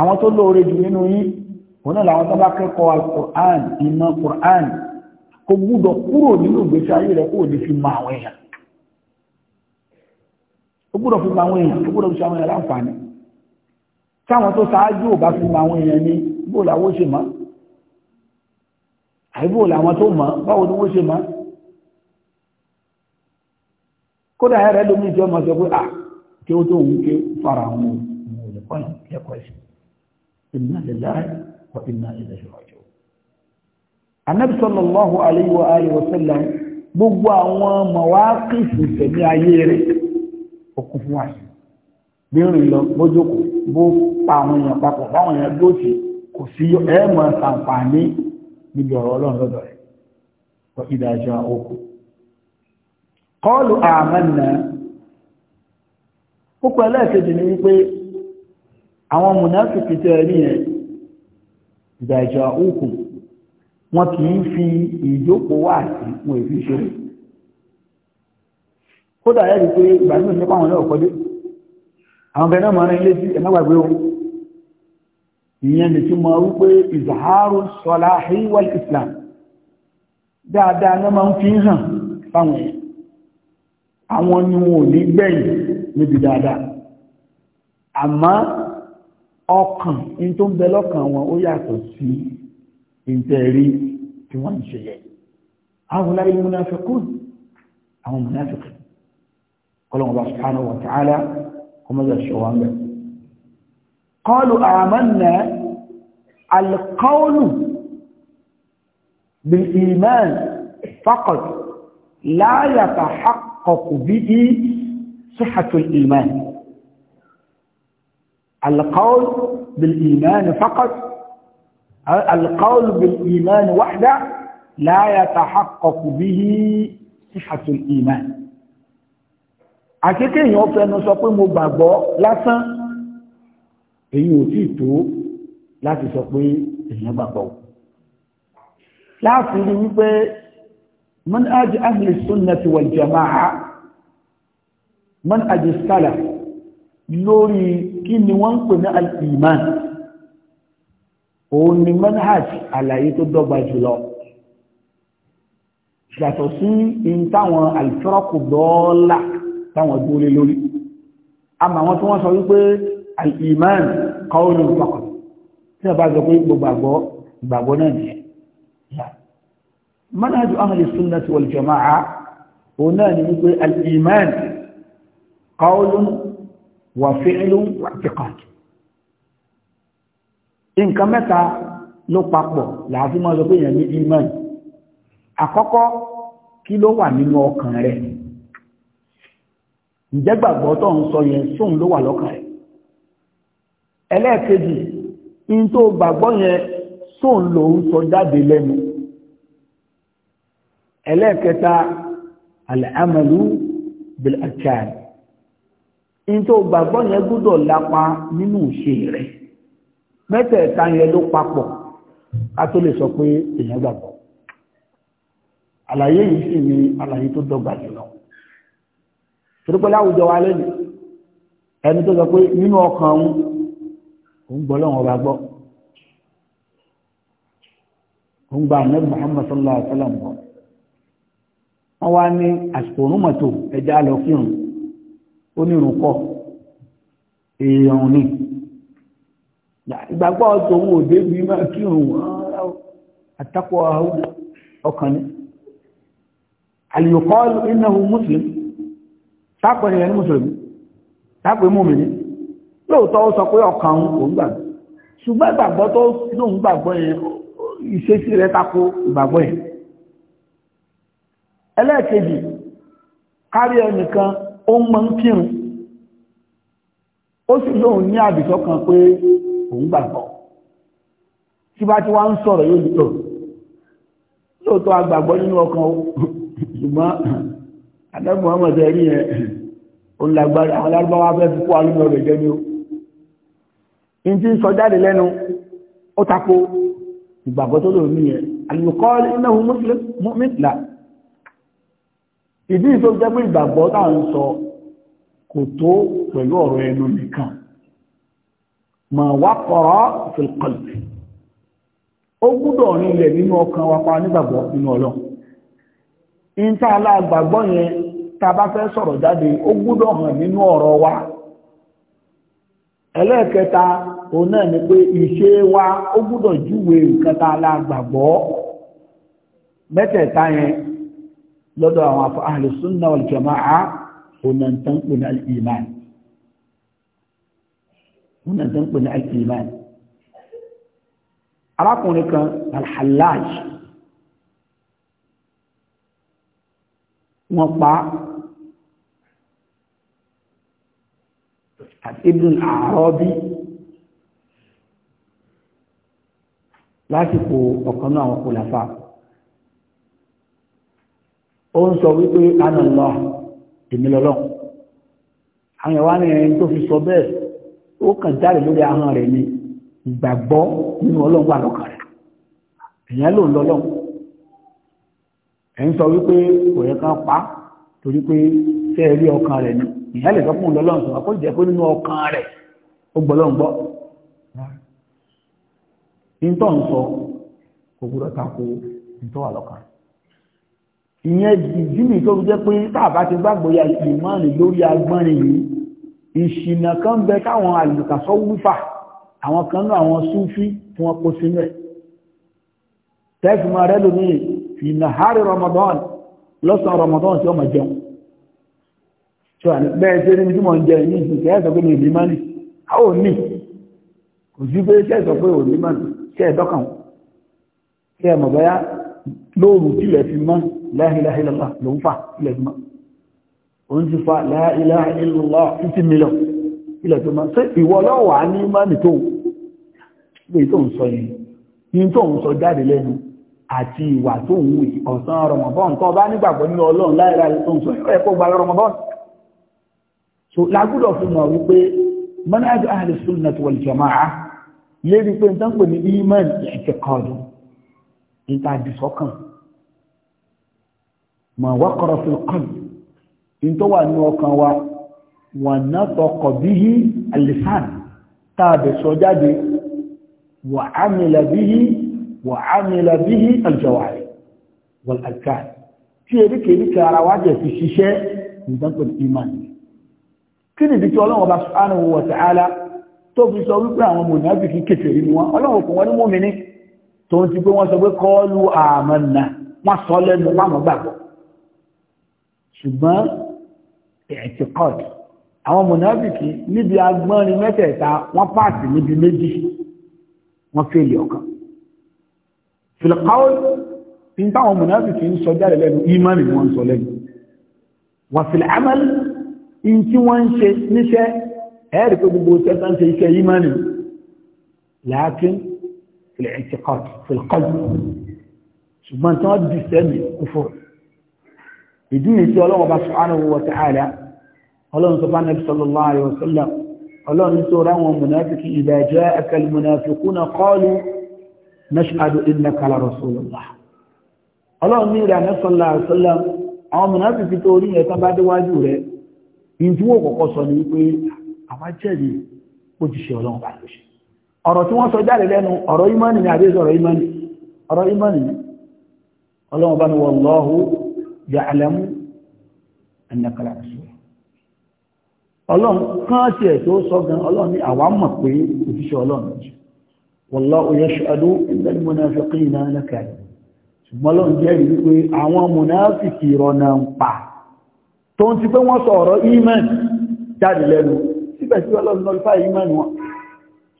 àwọn tó lóore jù nínú yín òun náà làwọn tó bá kẹ́kọ̀ọ́ alukur'an ìmọ̀ kur'an kò gbúdọ̀ kúrò nínú ìgbésí ayé rẹ̀ kó o lè fi mọ àwọn èèyàn ó gbúdọ̀ fi mọ àwọn èèyàn ó gbúdọ̀ fi ṣe àwọn èèyàn láǹfààní táwọn tó ṣáájú ò bá fi mọ àwọn èèyàn ní bó làwọn ṣe mọ́ àìbò làwọn tó mọ̀ báwo ni wọ́n ṣe mọ́ kódà ẹ̀rẹ́ lómi ìjọ mọ̀ sọ pé à kí ó tó wù ké fara àwọn òun ò lè kọ́yàn lẹ́kọ̀ọ́ ẹ̀sìn inna lillahi wa inna ilaihi raji'un. anabi sallallahu alayhi wa alihi wa sallam gbogbo àwọn mọ̀wákìsì tẹ̀mí ayé rẹ̀ okun fún àṣì bí rìn lọ bójókòó bó pa àwọn èèyàn papọ̀ báwọn èèyàn gbòòsì kò sí ẹ̀ẹ́mọ̀ sàǹfààní níbi ọ̀rọ̀ ọlọ́run lọ́dọ̀ rẹ̀ wọ ìdájọ́ òkú kọ́ọ̀lù àmàna ó pẹ̀lú ẹ̀kejì ni wípé àwọn mùnáfíkì tẹ́ rí yẹn ìdàjà òkun wọn kì í fi ìjókòó wà sí wọn èfi ṣeré kódà ẹ̀rí pé ìgbà nínú nípa àwọn náà kọ́dé àwọn bẹ̀rẹ̀ náà máa rán ilé sí ẹ̀mọ́ gbàgbé ìyẹn lè tún wípé ìzàárò sọlá híwal islam dáadáa náà máa ń fi hàn fáwọn àwọn ni wọn ò ní gbẹ̀yìn níbi dáadáa àmọ́ ọkàn in tó ń bẹ lọ́kàn wọn ó yàtọ̀ sí ìtẹ̀rí tí wọ́n ń ṣe yẹ àwọn láyé múnáfikún àwọn múnáfikún kọlọ̀wọ̀n bá subhanahu wa ta'ala kọmọ́dé ṣọwọ́n bẹ̀ qalu amanna alqawlu bil iman faqat la yatahaqqaqu bihi sihhatul iman القول بالإيمان فقط القول بالإيمان وحده لا يتحقق به صحة الإيمان أكيد أن يوفي أن نسوكي مبابا لسن أن يوتيتو لا تسوكي أن يبابا لسن يوفي من أجل أهل السنة والجماعة من أجل السلف lórí kí ni wọ́n ń pè ní al-iman òun ni manhaj àlàyé tó dọ́gba jùlọ yàtọ̀ sí in táwọn al-firaqu dọ́ọ́là táwọn dúró lórí àmọ́ àwọn tí wọ́n sọ wípé al-iman qawlun faqat tí wọ́n bá sọ pé gbogbo ìgbàgbọ́ náà nìyẹn manhaj ahli sunnati wal jama'a òun náà ni wípé al-iman qawlun wà fíìlú wà fíkàn nǹkan mẹ́ta ló papọ̀ làáfin máa sọ pé èèyàn ní imani àkọ́kọ́ kí ló wà nínú ọkàn rẹ̀ ǹjẹ́ gbàgbọ́ tó ń sọ yẹn sóun ló wà lọ́kàn rẹ̀ ẹlẹ́ẹ̀kejì in tó gbàgbọ́ yẹn sóun ló ń sọ jáde lẹ́nu ẹlẹ́ẹ̀kẹta al-amalu bil-arkan ní tó gbàgbọ́ yẹn gbúdọ̀ lápa nínú ìṣe rẹ̀ mẹ́tẹ̀ẹ̀ta yẹn ló papọ̀ ká tó lè sọ pé èèyàn gbàgbọ́ àlàyé yìí sì ni àlàyé tó dọ́gba jùlọ torípé láwùjọ wa lẹ́nu ẹni tó sọ pé nínú ọkàn òun òun gbọ́ lọ́wọ́ ọba gbọ́ òun gba ànábì Muhammad sallallahu alaihi wa sallam bọ̀ wọ́n wá ní àsìkò òun mọ̀tò ẹja lọ kírun onírúkọ èèyàn ni ìgbàgbọ́ tòun ò débi máa kírun wọn àtakọ̀ àwọn ọkàn ni àlìyòkọ́ innahu muslim sápẹ̀ ẹ̀yẹ ní mùsùlùmí sápẹ̀ mú mi ní lóòótọ́ ó sọ pé ọkàn òun gbàgbọ́ ṣùgbọ́n ìgbàgbọ́ tó lóun gbàgbọ́ yẹn ìṣesí rẹ̀ tako ìgbàgbọ́ yẹn ẹlẹ́ẹ̀kejì kárí ẹnìkan ó mọ́ ń kírun ó sì lóun ní àbìsọ́ kan pé òun gbàgbọ́ tí bá ti wá ń sọ̀rọ̀ yóò lò lóòótọ́ agbàgbọ́ nínú ọkàn ṣùgbọ́n adẹ́gbọ̀n ọmọdé rí ẹ̀ òun lágbára àwọn lárúbáwá fẹ́ fi kó alúmọ̀ rẹ̀ jẹ́ ní ó in ti ń sọ jáde lẹ́nu ó tako ìgbàgbọ́ tó lò ní ẹ̀ alùkọ́ ináhùn mùsùlùmí là ìdí ìsọ jẹ́ pé ìgbàgbọ́ tá ń sọ kò tó pẹ̀lú ọ̀rọ̀ ẹnu nìkan ma wá kọ̀rọ̀ fìlkọ̀lì ó gbúdọ̀ rin ilẹ̀ nínú ọkàn wa pa nígbàgbọ́ nínú ọlọ́run ìta aláàgbàgbọ́ yẹn ta bá fẹ́ sọ̀rọ̀ jáde ó gbúdọ̀ hàn nínú ọ̀rọ̀ wa ẹlẹ́ẹ̀kẹta òun náà ni pé ìṣe wa ó gbúdọ̀ júwe nǹkan ta aláàgbàgbọ́ mẹ́tẹ̀ẹ̀ta yẹn لدى وفي أهل السنة والجماعة هنا تنقل الإيمان هنا تنقل الإيمان أراكم لك الحلاج وطع ابن الأعرابي لا تقول وقناه وقل ó ń sọ wípé ana Allah èmi lọ́lọ́ àwọn ìwà ni ẹni tó fi sọ bẹ́ẹ̀ ó kàn jáde lórí ahọ́n rẹ̀ ni ìgbàgbọ́ nínú ọlọ́run wà lọ́kàn rẹ̀ èèyàn ló ń lọ́lọ́ ẹ̀ ń sọ wípé kò yẹ kán pa torí pé tẹ́ rí ọkàn rẹ̀ ni èèyàn lè sọ sọ̀rọ̀ kó jẹ́ pé nínú ọkàn rẹ̀ ó gbọ́ ìyẹn ìdí mi tó jẹ́ pé tàbá ti gbàgbóyà ìmọ̀ọ̀nì lórí agbọ́nrin yìí ìṣìnà kan bẹ káwọn àlùkàsọ́ wúfà àwọn kan náà àwọn súnfí tí wọ́n kó sínú ẹ̀ tẹ́fìmọ̀ rẹ lómi ìnà hárí Ramadan lọ́sàn Ramadan tí ó mọ̀ jẹun tí wà bẹ́ẹ̀ tí ní mọ̀ jẹ ní ìsìnkẹ́ ẹ̀sọ̀ pé mi ò ní mọ́ ní a ò ní kò sí pé ṣẹ́ẹ̀sọ̀ pé ò ní mọ́ ní ṣẹ́ẹ̀dọ́kàn ṣẹ́ẹ̀mọ̀ bọ́yá lóòrùn tílẹ̀ fi mọ́ la ilaha illallah ló ń fà tílẹ̀ fi mọ́ o ń ti fa la ilaha illallah 50 million tílẹ̀ fi mọ́ sí ìwọ lọ́wà ní mọ́nì tó lè tó ń sọ yìí ní tó ń sọ jáde lẹ́nu àti ìwà tó ń wù ọ̀sán Ramadan tó bá nígbàgbọ́ ní Ọlọ́run la níta di sọ́kàn mà wá kọ̀rọ̀ fi kàn ní tó wà ní ọkàn wa wà náà tọkọ̀ bí i alisan tàbí sọ jáde wà ámìlà bí i wà ámìlà bí i aljawari wal alkan tí eríkèríkè ara wa jẹ́ fi ṣiṣẹ́ nǹkan pẹ̀lú imani kí nìdí tí ọlọ́run bá subhanahu wa ta'ala tó fi sọ wípé àwọn mùnàbí kí kèfèrí ni wọ́n ọlọ́run kò wọ́n ní mùmínì tó ń ti pé wọ́n sọ pé kọ́ọ̀lù àmànà wọ́n sọ lẹ́nu láwọn gbàgbọ́ ṣùgbọ́n ẹ̀tìkọ́d àwọn mọ̀nàbìkì níbi agbọ́nrin mẹ́tẹ̀ẹ̀ta wọ́n pààtì níbi méjì wọ́n fèlè ọ̀kan fìlìkọ́ọ̀lù tí ń táwọn mọ̀nàbìkì ń sọ jáde lẹ́nu ìmánì ni wọ́n sọ lẹ́nu wọ́n fìlì amal in tí wọ́n ń ṣe níṣẹ́ ẹ̀ẹ́dì pé gbogbo ṣẹ́ في الاعتقاد في القلب ṣùgbọ́n tí wọ́n dì sẹ́mì kúfúrù ìdí ní tí ọlọ́wọ́ bá subhanahu wa ta'ala ọlọ́run sọ fánàbí sallallahu alaihi wasallam ọlọ́run tó ráwọn munafiki idha ja'aka al-munafiquna qalu nashhadu innaka la rasulullah ọlọ́run ní ìrànà sallallahu alaihi wasallam àwọn munafiki tó rí ẹ̀kan bá déwájú rẹ̀ ní tí wọ́n kọ̀kọ́ sọ ní pé àwọn jẹ́rìí ó ti ṣe ọlọ́run bá lóṣèlú ọ̀rọ̀ tí sọ jáde lẹ́nu ọ̀rọ̀ imani ni àbí ọ̀rọ̀ imani ọ̀rọ̀ imani ni bá ní wallahu ya'lamu annaka rasul ọlọ́run kán sí ẹ̀ tó sọ gan ọlọ́run ní àwa mọ̀ pé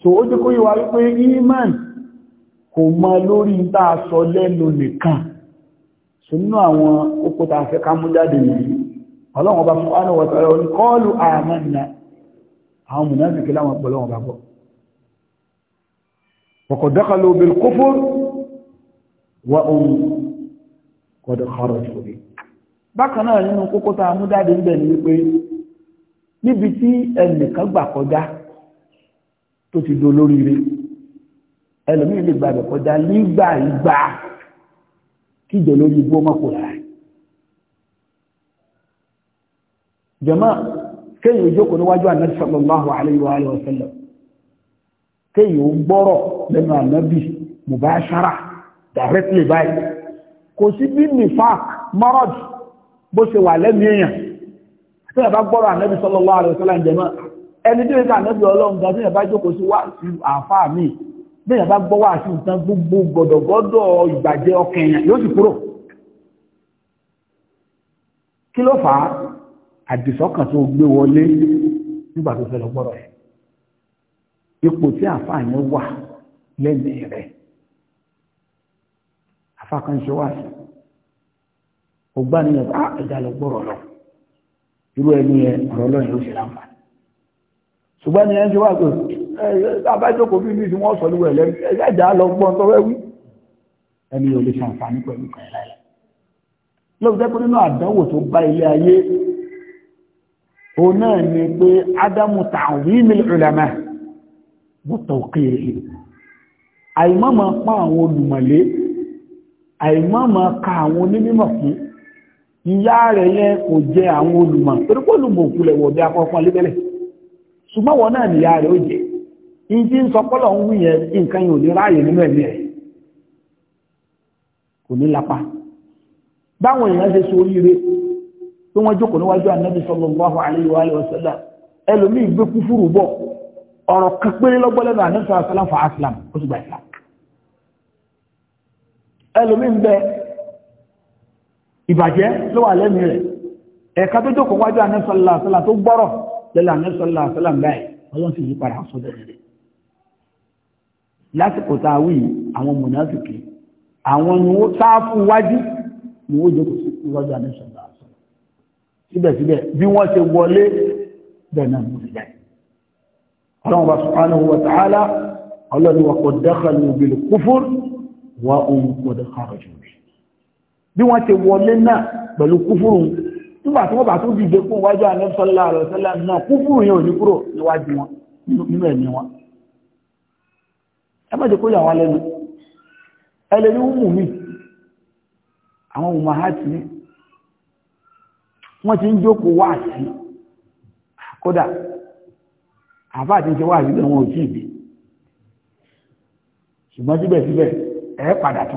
so ó jẹ́ kó yíwa wípé iman kò mọ lórí tá a sọ lẹ́nu nìkan so nínú àwọn okòtà àfẹ́ kámújáde yìí ọlọ́run ọba fún ánà wọ̀tọ̀rọ̀ ní kọ́ọ̀lù àmàna àwọn mùnáfíkì láwọn ọ̀pọ̀lọ́wọ̀n bá gbọ́ بالكفر وأم قد خرجوا به bákan náà nínú kókó tá a mú jáde ń tó ti do lóríire ẹlòmíì lè gbàgbẹ́ kọjá nígbà ìgbà kíjọ lórí ibú ọmọ kò láàrin jama kéèyàn jókòó níwájú ànábì sallallahu alayhi wa alihi wa sallam kéèyàn ó gbọ́rọ̀ lẹ́nu ànábì mubashara directly báyìí kò sí bí nifaq marad bó ṣe wà lẹ́nu èèyàn tí a bá gbọ́rọ̀ ànábì sallallahu alayhi wa sallam ẹni tí ó ká lọ́bí ọlọ́run gan tí èèyàn jókòó sí wáàsí àáfàá mi bí èèyàn bá gbọ́ wáàsí nǹkan gbogbo gbọ̀dọ̀gbọ́dọ̀ ìgbàjẹ́ ọkàn èèyàn yóò sì kúrò kí ló fà á àdìsọ́kàn tó gbé wọlé nígbà tó fẹ́ lọ gbọ́rọ̀ ẹ̀ ipò tí àáfàá yẹn wà lẹ́mìí rẹ̀ àáfàá kan ṣe wáàsí ògbà nìyẹn bá ah, ẹja lọ gbọ́rọ̀ lọ irú ẹni yẹn ọ̀rọ̀ ọlọ́run yóò ṣe láǹfààní ṣùgbọ́n ni ẹni tí wà pé abájókòó bí bíi tí wọ́n sọ lúwẹ̀ lẹ́nu ẹ̀yẹ́dà lọ gbọ́n tó wẹ́wí ẹni yóò lè ṣàǹfààní pẹ̀lú kan láyé lọ́wọ́ jẹ́ pé nínú àdánwò tó bá ilé ayé òun náà ni pé ádámù ta'wim al-ulama wa tawqirihim àìmọ́mọ́ pa àwọn olùmọ̀lé àìmọ́mọ́ ka àwọn onímọ̀ fún ìyá rẹ̀ yẹn kò jẹ àwọn olùmọ̀ torí pé olùmọ̀ òkú lẹ̀wọ̀ bí akọ́kọ́ lébẹ̀lẹ̀ ṣùgbọ́n wọn náà nìyà rẹ̀ ó jẹ́ in tí ń sọpọ́lọ̀ ń wúyẹ nǹkan yìí ò ní ráàyè nínú ẹ̀mí ẹ̀ kò ní lapa báwọn èèyàn ṣe so oríire tí wọ́n jókòó níwájú anábì sallallahu alaihi wa sallam ẹlòmíì gbé kúfúrú bọ̀ ọ̀rọ̀ kan péré lọ́gbọ́ lẹ́nu anábì sallallahu alaihi wa sallam ó ti gbà ìlà ẹlòmíì ń bẹ ìbàjẹ́ ló wà lẹ́nu rẹ̀ ẹ̀ka tó jókòó wájú anábì sallallahu alaihi tó gbọ́rọ̀ lọ́la anẹ́sọ́lá àṣọ́làm báyìí ọlọ́run sì yí padà sọ́dọ̀ rẹ̀ lásìkò tá a wí àwọn mọ̀nàfìkì àwọn ni ó sáfù wájú ni ó jókòó sí iwájú anẹ́sọ́lá àṣọ́làm síbẹ̀síbẹ̀ bí wọ́n ṣe wọlé bẹ́ẹ̀ náà mo sì jáde ọlọ́run bá subhanahu wa ta'ala ọlọ́run wa kò dákàlù bil kufur wa òun kò dákàlù jù bí wọ́n ṣe wọlé náà pẹ̀lú kúfùrù nígbà tí wọ́n bá tún dìde fún iwájú àlẹ́sọ́lá àlọ́sọ́lá náà kú fún ìyẹn òní kúrò níwájú wọn nínú ẹ̀mí wọn ẹ má jẹ́ kó wùmù mi àwọn wọ́n ti ń jókòó sí kódà ń ṣe sí wọn ò tí ṣùgbọ́n síbẹ̀síbẹ̀ padà tó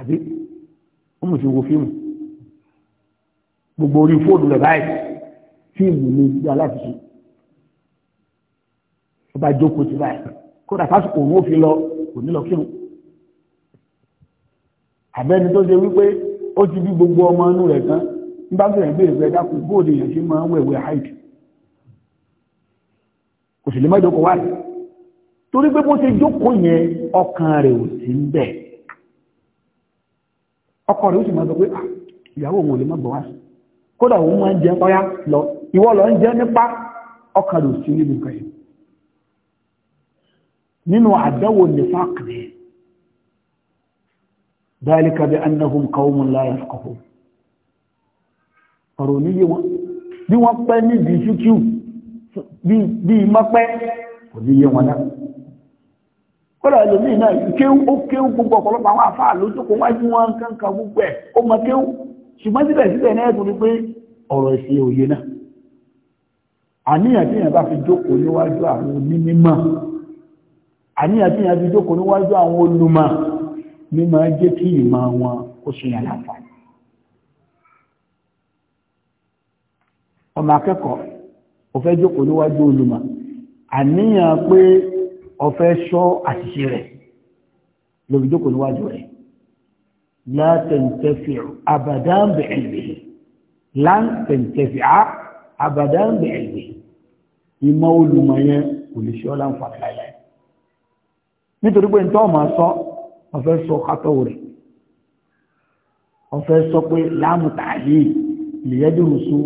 àbí wọ́n mọ̀ sí wo fíìmù gbogbo orí fóònù rẹ̀ báyìí fíìmù ní ìgbà láti ṣe ó bá jókòó sí báyìí kódà fásitì òun ò fi lọ kò ní lọ kírun àbẹ́ni tó ṣe wípé ó ti bí gbogbo ọmọ inú rẹ̀ tán nígbà tó rẹ̀ béèrè rẹ̀ dákun bóòdì èèyàn ṣe máa ń wẹ̀wẹ̀ àìdì kò sì lè má jókòó wáyé torí pé bó ṣe jókòó yẹn ọkàn rẹ̀ ò sí ń bẹ̀ẹ́ ọkọ rẹ̀ ó sì máa sọ pé ah, ìyàwó òun ò lè má bọ̀ wá sí kódà òun máa ń jẹ ọyá lọ ìwọ lọ ń jẹ nípa ọkàn rẹ̀ ò sí níbi nǹkan yìí nínú àdáwò nìfàkì بأنهم قوم لا يفقهون ọ̀rọ̀ níyé wọn bí wọ́n pẹ́ níbi kọ́lá ẹlòmíì náà kéwú ó kéwú gbogbo ọ̀pọ̀lọpọ̀ àwọn àfáà ló tó kó wájú wọn kankan gbogbo ẹ̀ ó mọ kéwú ṣùgbọ́n síbẹ̀síbẹ̀ náà ẹ̀kùn ni pé ọ̀rọ̀ ẹ̀sìn òye náà àníyàn tí yẹn bá fi jókòó níwájú àwọn onímọ̀ àníyàn tí yẹn fi jókòó níwájú àwọn olùmọ̀ ní máa jẹ́ kí ìmọ̀ wọn kó ṣe yàn láǹfààní. ọmọ akẹ́kọ̀ọ́ ò fẹ́ jókòó níwájú olùmọ̀ àníyàn pé ọ̀fẹ́ ṣọ́ àṣìṣe rẹ̀ lórí jókòó níwájú rẹ̀ látẹ̀ǹtẹ̀fì abadan bi ilmihi látẹ̀ǹtẹ̀fì abadan bi ilmihi ìmọ̀ olùmọ̀ yẹn kò lè ṣọ́ láǹfààní láìláì nítorí pé nítorí ọmọ sọ ọ̀fẹ́ sọ kátọ́wò rẹ̀ ọ̀fẹ́ sọ pé láàmù tààlì lèyẹ́dùrùsù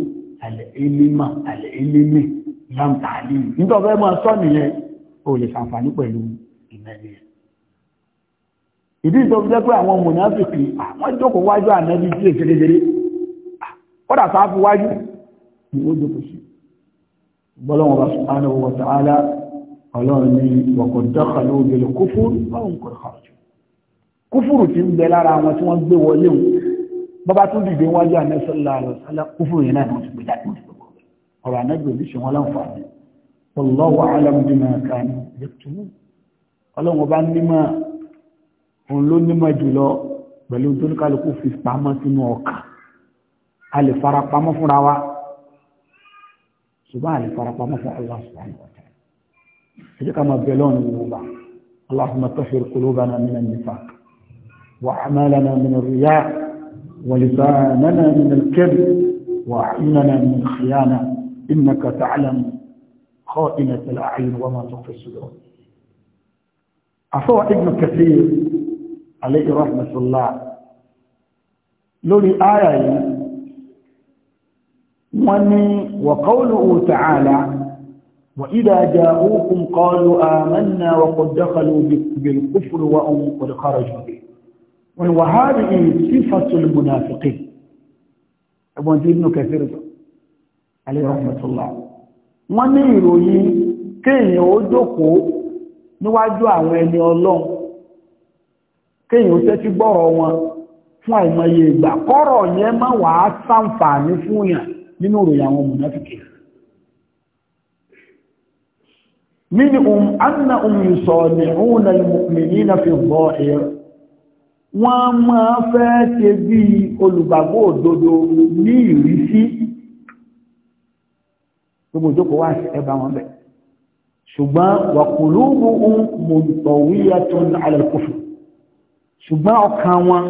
àlẹ́ ìlímà àlẹ́ ìlímì láàmù o lè ṣàǹfààní pẹ̀lú ìmẹ̀lẹ̀ ìdí ìtọ́ jẹ́ pé àwọn mùnáfìkì àwọn jókòó wájú ànábì tí èsì kékeré kódà sáà fi wájú ni ó jókòó sí bọ́lọ́wọ́n bá subhanahu wa ta'ala ọlọ́run ní wọ̀kọ̀ dákàlú ògbèlè kúfúrú báwọn kò kọ̀ọ̀jù kúfúrù ti ń bẹ lára àwọn tí wọ́n gbé wọlé òun bọ́bá tún dìde wájú ànábì sallallahu alaihi wasallam kúfúrù yẹn náà ni wọ́n ti gbé jáde ọ̀rọ̀ ànábì òbí ṣe wọn láǹfààní Wallahu a'lam bima kanu yaktumun ọlọ́run ọba nímọ̀ òun ló nímọ̀ jùlọ pẹ̀lú tó ní kálukú fi pamọ́ sínú ọkà a lè fara pamọ́ fúnra wa ṣùgbọ́n a lè fara pamọ́ fún Allah subhanahu wa ta'ala ẹ jẹ́ ká máa bẹ̀ lọ́run gbogbo wa Allahumma tahhir qulubana خائنة الأعين وما تخفي الصدور أخوه ابن كثير عليه رحمة الله لولي آية واني وقوله تعالى وإذا جاءوكم قالوا آمنا وقد دخلوا بالكفر وهم قد خرجوا به وهذه صفة المنافقين أبو ابن كثير عليه رحمة الله wọ́n ní ìròyìn kéèyàn ó jókòó níwájú àwọn ẹni ọlọ́run kéèyàn ó tẹ́tí gbọ́rọ̀ wọn fún àìmọye ìgbà kọ́rọ̀ yẹn má wàá ṣàǹfààní fún yàn nínú ìròyìn àwọn mùnáfíkì na fi wọ́n máa fẹ́ ṣe bí olùgbàgbọ́ òdodo ní ìrísí gbogbo ìjókòó wà ẹ bá wọn bẹ̀ ṣùgbọ́n wa qulubuhum muntawiyatun ala al-kufr ṣùgbọ́n ọkàn wọn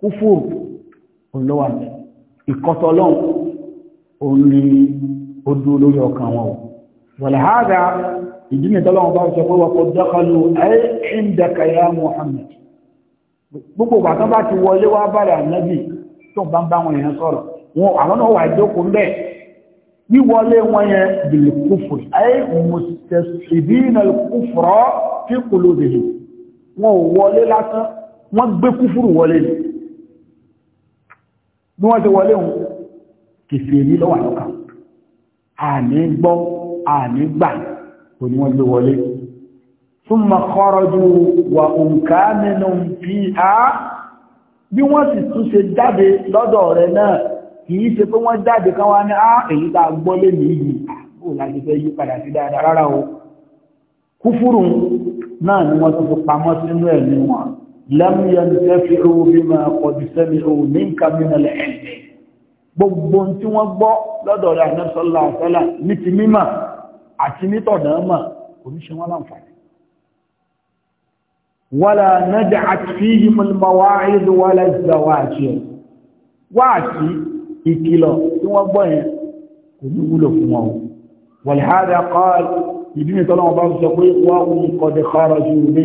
kúfù olówà ìkọtọlọ́n orí odú lórí ọkàn wọn o wàlàhádà ìdínìtọ́lọ́wọ́n bá sọ pé wọ́pọ̀ dákọlù ẹ́ẹ̀ẹ́dẹ̀kẹ̀yà Muhammad gbogbo bàtán bá ti wọlé wá bára nábì tó bá ń bá wọn èèyàn sọ̀rọ̀ àwọn náà wà jókòó bẹ́ẹ̀ wíwọlé wọn yẹn bìlì kúfùrù ayé mùsùlùmí kúfùrọ̀ fi kúló bèèrè wọn ò wọlé lásán wọ́n gbé kúfùrù wọlé ní wọ́n ti wọlé wọn kèfèrí lọ́wọ́ àlọ́kà àní gbọ́ àní gbà kò ní wọ́n gbé wọlé thumma kharaju wà òǹkà nínú fi á bí wọ́n sì tún jáde lọ́dọ̀ rẹ̀ náà kìí ṣe pé wọ́n jáde kan wá ní á ah, èyí tá a gbọ́ lé mi yìí kò ah, láti fẹ́ yí padà sí dáadáa rárá o kúfúrù náà ni wọ́n tún fi pamọ́ sínú ẹ̀mí wọn lẹ́mìyàn tẹ́ fi owó bí máa kọjú sẹ́mi owó ní nǹkan mìíràn lẹ́ẹ̀ẹ́ gbogbo tí wọ́n gbọ́ lọ́dọ̀ rẹ̀ ànẹ́sọ́lá àṣọ́lá ní ti mímọ̀ àti nítọ̀dọ̀ mọ̀ oníṣẹ́ wọn láǹfààní wọ́la nájà àti fíhìmọ̀lmọ̀wá ìlú wọ́la ìzàwà àti ẹ̀ wáàtí ìkìlọ̀ tí wọ́n gbọ́ yẹn kò ní wúlò fún wọn wàlìhádà kọ́ọ̀l ìbí mi tọ́lọ́wọ́ bá sọ pé wọ́n ń kọ́dẹ̀ kọ́ọ̀rọ̀ sí ilé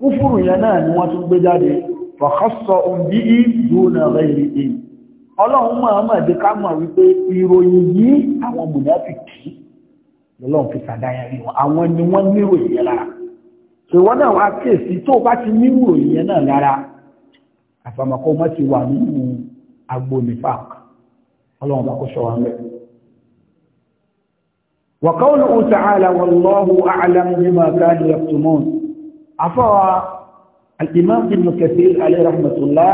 kúfùrù yẹn náà ni wọ́n tún gbé jáde fọ̀kọ́sọ òǹdí ìdúnà rẹ̀ ìrìdì ọlọ́run máa máa dé ká mọ̀ wípé ìròyìn yìí àwọn mùnáfìkì lọ́lọ́run fi sàdáyàrí wọn àwọn ni wọ́n nírò ìyẹn lára ṣèwọ́n náà wá kíyèsí tó bá ti nírò ìyẹn náà lára àfàmọ́kọ́ wọ́n ti wà nínú agbo nifak ọlọ́run bá kó ṣọ́ wọn bẹ́ẹ̀. wa qawluhu ta'ala wallahu a'lam bima kanu yaktumun afọ́wà al-imam ibn kathir alayhi rahmatullah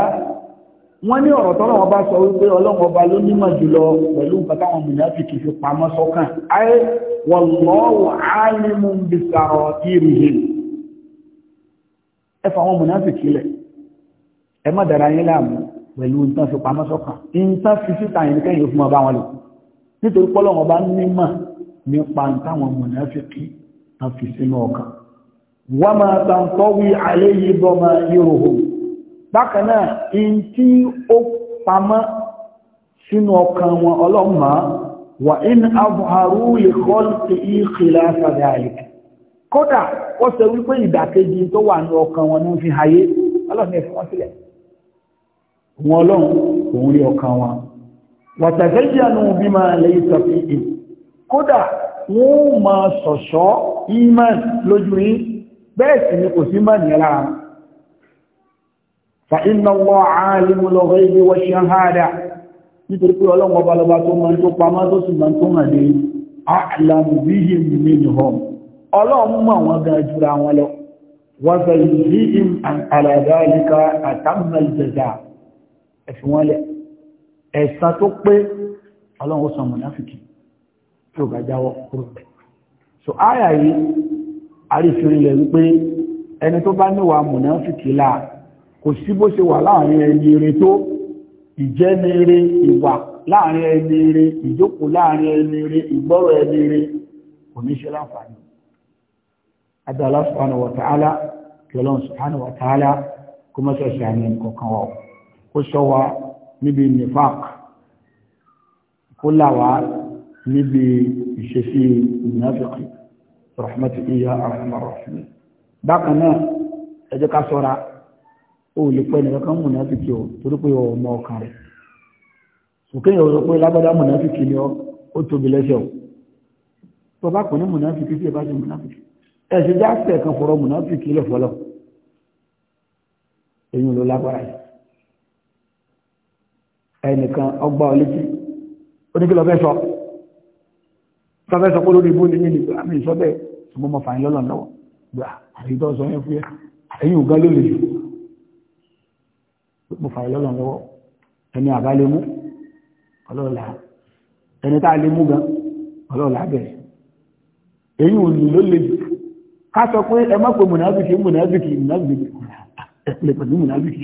wọ́n ní ọ̀rọ̀ tọ́lọ́ wọn bá sọ wípé ọlọ́run ọba ló nímọ̀ jùlọ pẹ̀lú nǹkan táwọn mùnàfíkì fi pamọ́ sọ́kàn ayé wallahu alimun bisarotirihim ẹ àwọn mùnàfíkì lẹ̀ ẹ má dára yín láàmú pẹ̀lú nǹkan fi pamọ́ sọ́kàn nǹkan fi síta yẹn kẹ́yìn fún ọba wọn lò nítorí pọ́lọ́wọ́n bá nímọ̀ nípa táwọn mùnáfíkí tán fi sínú ọkàn wọ́n máa tàn tọ́wí alẹ́ yìí bọ́ máa yírò hù bákan náà in tí ó pamọ́ sínú ọkàn wọn ọlọ́mọ wà in abuharu lè kọ́ sí ìkìlá sàdá àlìkà kódà ó sọ wípé ìdàkejì tó wà ní ọkàn wọn ní fi hayé ọlọ́run ẹ̀fọ́ sílẹ̀ wọn ọlọ́run òun rí ọkàn wọn wàtàgẹ́jìánú bí máa lè sọ fi è kódà wọ́n ma sọ̀ṣọ́ iman lójú yí bẹ́ẹ̀ sì ni kò sí mọ́ni lára fa inna Allah alimul ghaibi wash shahada nítorí pé ọlọ́run tó tó ẹ̀fì wọn lẹ̀ ẹ̀san tó pé ọlọ́run ó san mọ̀náfìkì tí ó bá jáwọ́ kúrò bẹ̀. so àyà yìí àrífin ilẹ̀ wípé ẹni tó bá níwà mọ̀náfìkì là kò sí bó ṣe wà láàrin ẹni eré tó ìjẹ́ni eré ìwà láàrin ẹni eré ìjókòó láàrin ẹni eré ìgbọ́rọ̀ ẹni eré kò ní ṣe láǹfààní adala subhanahu wa ta'ala kí subhanahu wa ta'ala kó mọ́ṣẹ́ṣẹ́ àmì ẹnì kọ̀ọ̀kan wà kó ṣọ́ wa níbi nifaq kó là wá níbi ìṣesí ìnáfíkì rahmatu iya arhamar rahimin bákan náà ẹ jẹ́ ká ṣọ́ra ó lè pẹ́ nìkan kan mùnáfíkì o torí pé ọmọ ọkàn rẹ̀ òkè yẹn sọ pé lágbádá mùnáfíkì ni ó tóbi lẹ́sẹ̀ o tó bá pè ní mùnáfíkì tí ẹ bá ṣe mùnáfíkì ẹ ṣe kan fọ̀rọ̀ mùnáfíkì lẹ̀ fọlọ́ èyí ló lágbára yìí ẹnìkan ọgbà olétí oníkìlọ fẹ́ sọ sọfẹ́ sọ pé lórí ibú ní ní ìgbà ah, àmì ìsọ́bẹ̀ ṣùgbọ́n mọ̀ fàáyín lọ́lọ́ lọ́wọ́ gbà àti ìtọ́ sọ yẹn fúyẹ́ àyín ògá ló lè jù a lè mú gan ọlọ́ọ̀lá bẹ̀rẹ̀ èyí ò ní ló lè jù ká sọ pé ẹ má pé mùnàbìkì mùnàbìkì mùnàbìkì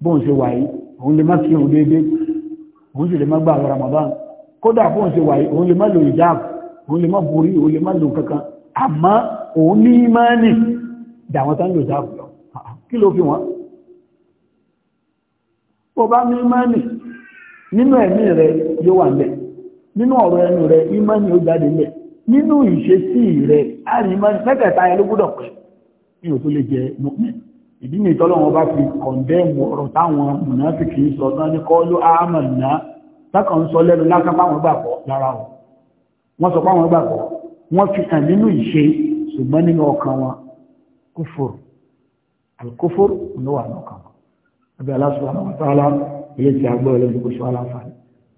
bóun ṣe wà yìí òun lè má kí òun déédéé òun sì lè má gbà àwọn Ramadan kódà bóun ṣe wà yìí òun lè má lo ìjáàbù òun lè má borí òun lè má lo kankan àmọ́ òun ní ìmánì dàwọn tán lò ìjáàbù lọ kí ló fi wọ́n ó bá ní ìmánì nínú ẹ̀mí rẹ yóò wà ńlẹ̀ nínú ọ̀rọ̀ ẹnu rẹ ìmánì ó jáde ńlẹ̀ nínú ìṣesí rẹ àrí ìmánì mẹ́kẹ̀ẹ́ta ẹ ló gbọ́dọ̀ pẹ́ ní òtún lè jẹ mọ́mẹ́ni ìdí ni ìtọ́lọ́wọ́ bá fi kọ̀ndẹ́mù ọ̀rọ̀ táwọn mùnáfíkì ń sọ tán ní kọ́lú àmàlìná tákàn ń sọ lẹ́nu lásán páwọn gbàgbọ́ lára ọ̀ wọ́n sọ páwọn gbàgbọ́ wọ́n fi hàn nínú ìṣe ṣùgbọ́n nínú ọkàn wọn kúfòrò alkúfòrò ló wà lọ́kàn wọn abẹ́ aláṣùwọ̀n àwọn tààlà ilé ti àgbọ́ ọlọ́dún kò ṣọ́ aláǹfààní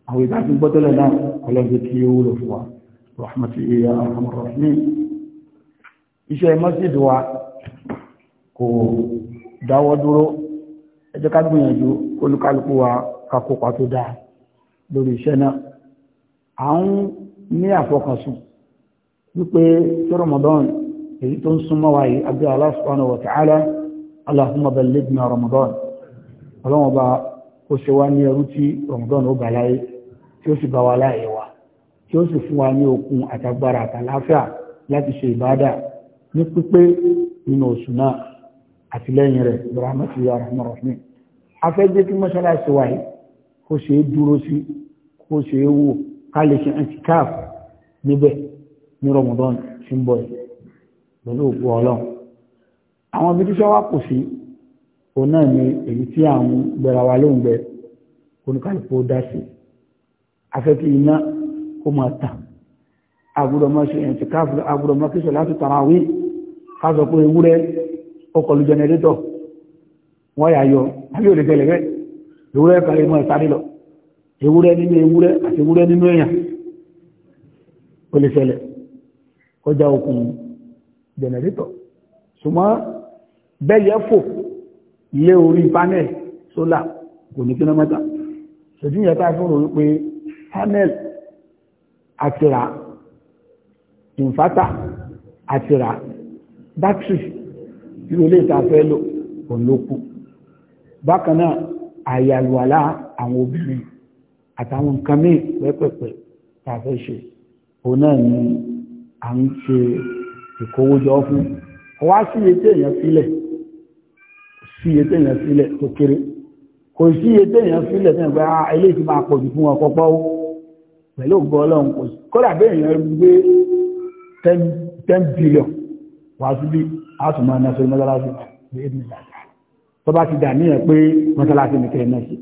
àwọn ìgbà tí gbọ́tọ́lẹ̀ náà ọlọ́dún tí ó wúlò fún wa rahmatu iya rahmatu rahmi iṣẹ́ masjid wa kò dáwọ́ dúró ẹ jẹ́ ká gbìyànjú olúkálukú wa ká kópa tó dáa lórí iṣẹ́ náà à ń ní àfọkànsùn wípé tí Ramadan èyí tó ń súnmọ́ wa yìí abdul Allah subhanahu wa ta'ala Allahumma Ramadan ọlọ́wọ́n bá ó ṣe wá ní ẹrú Ramadan ó bà tí ó sì bá wa láyé wa tí ó sì fún wa ní láti ṣe ìbádà ní pípé nínú oṣù àtìlẹ́yìn rẹ̀ rahmatu ya rahman rahman afẹ́jẹ́ tí mọ́ṣáláṣí wáyé kó ṣe é dúró sí kó ṣe é wò ká lè ṣe antikaf níbẹ̀ ní ramadan tí ń bọ̀ yìí pẹ̀lú òkú ọlọ́run àwọn ibi tí sọ wá kù sí òun náà ni èyí tí àwọn gbẹra wa ló gbẹ oníkàlùkù dá sí afẹ́kí iná kó máa tàn agbọ́dọ̀ máa ṣe ẹ̀ǹtìkáàfù agbọ́dọ̀ máa kí sọ láti tarawih ká sọ pé ewúrẹ́ ọkọ̀lù jẹnẹrétọ̀ wọ́n yà yọ àbí òlè tẹ̀lẹ̀ bẹ́ẹ̀ ewúrẹ́ kan lè mọ́ ìsáré lọ ewúrẹ́ nínú ewúrẹ́ àti ewúrẹ́ nínú èèyàn ó lè ṣẹlẹ̀ kọjá okùn jẹnẹrétọ̀ ṣùgbọ́n bẹ́yẹ fò lé orí panel sólà kò ní kílómítà ṣèjú yẹn táà fòrò wípé panel àtìrà ìfátà àtìrà bátìrì irú ilé ìta fẹ́ lò òun ló kù bákan náà àyè àlùwàlá àwọn obìnrin àtàwọn nǹkan míì pẹ́pẹ̀pẹ́ tá a fẹ́ ṣe òun náà ni à ń ṣe ìkówójọ fún ọwá síye téèyàn sílẹ̀ síye téèyàn sílẹ̀ tó kéré kò síye téèyàn sílẹ̀ tó yẹnbẹ́ ilé ti máa fún ọkọ̀pọ̀ ó pẹ̀lú ògbọ́ ọlọ́run kò sí kódà béèyàn gbé ten billion wà síbí àtùmọ̀ ẹ̀nàṣẹ́ mọ́sálásí ní èdè ìlàjà tó bá ti dà ní ẹ̀ pé mọ́sálásí ní kẹ́ ẹ̀nàṣẹ́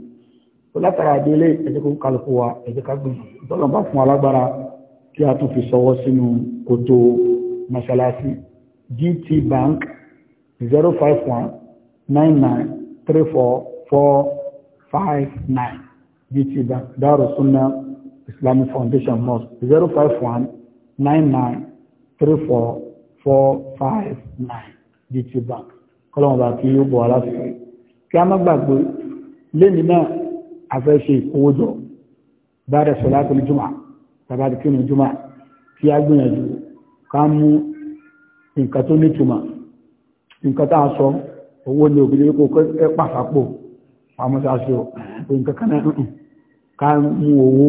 tó látara délé ẹ̀jẹ̀ kó kálukú wa ẹ̀jẹ̀ ká gbìn tọ́lọ̀ bá fún alágbára kí a tún fi sọwọ́ sínú kòtò mọ́sálásí GT Bank GT Bank Darus Sunnah Islamic Foundation Mosque 051 99 34 four five nine GT Bank kọ́lọ́wọ́n bá kí yóò bọ̀ aláṣẹ kí a má gbàgbé lẹ́ni náà afẹ́ ṣe ìkówójọ bá rẹ̀ sọ láti jùmọ̀ tàbá ti kírun jùmọ̀ kí a gbìyànjú ká mú nǹkan tó nítumọ̀ nǹkan tá a sọ owó ní òbí lóko ẹ pàfàpò pàmọ́sáṣọ nǹkan kan náà ká mú owó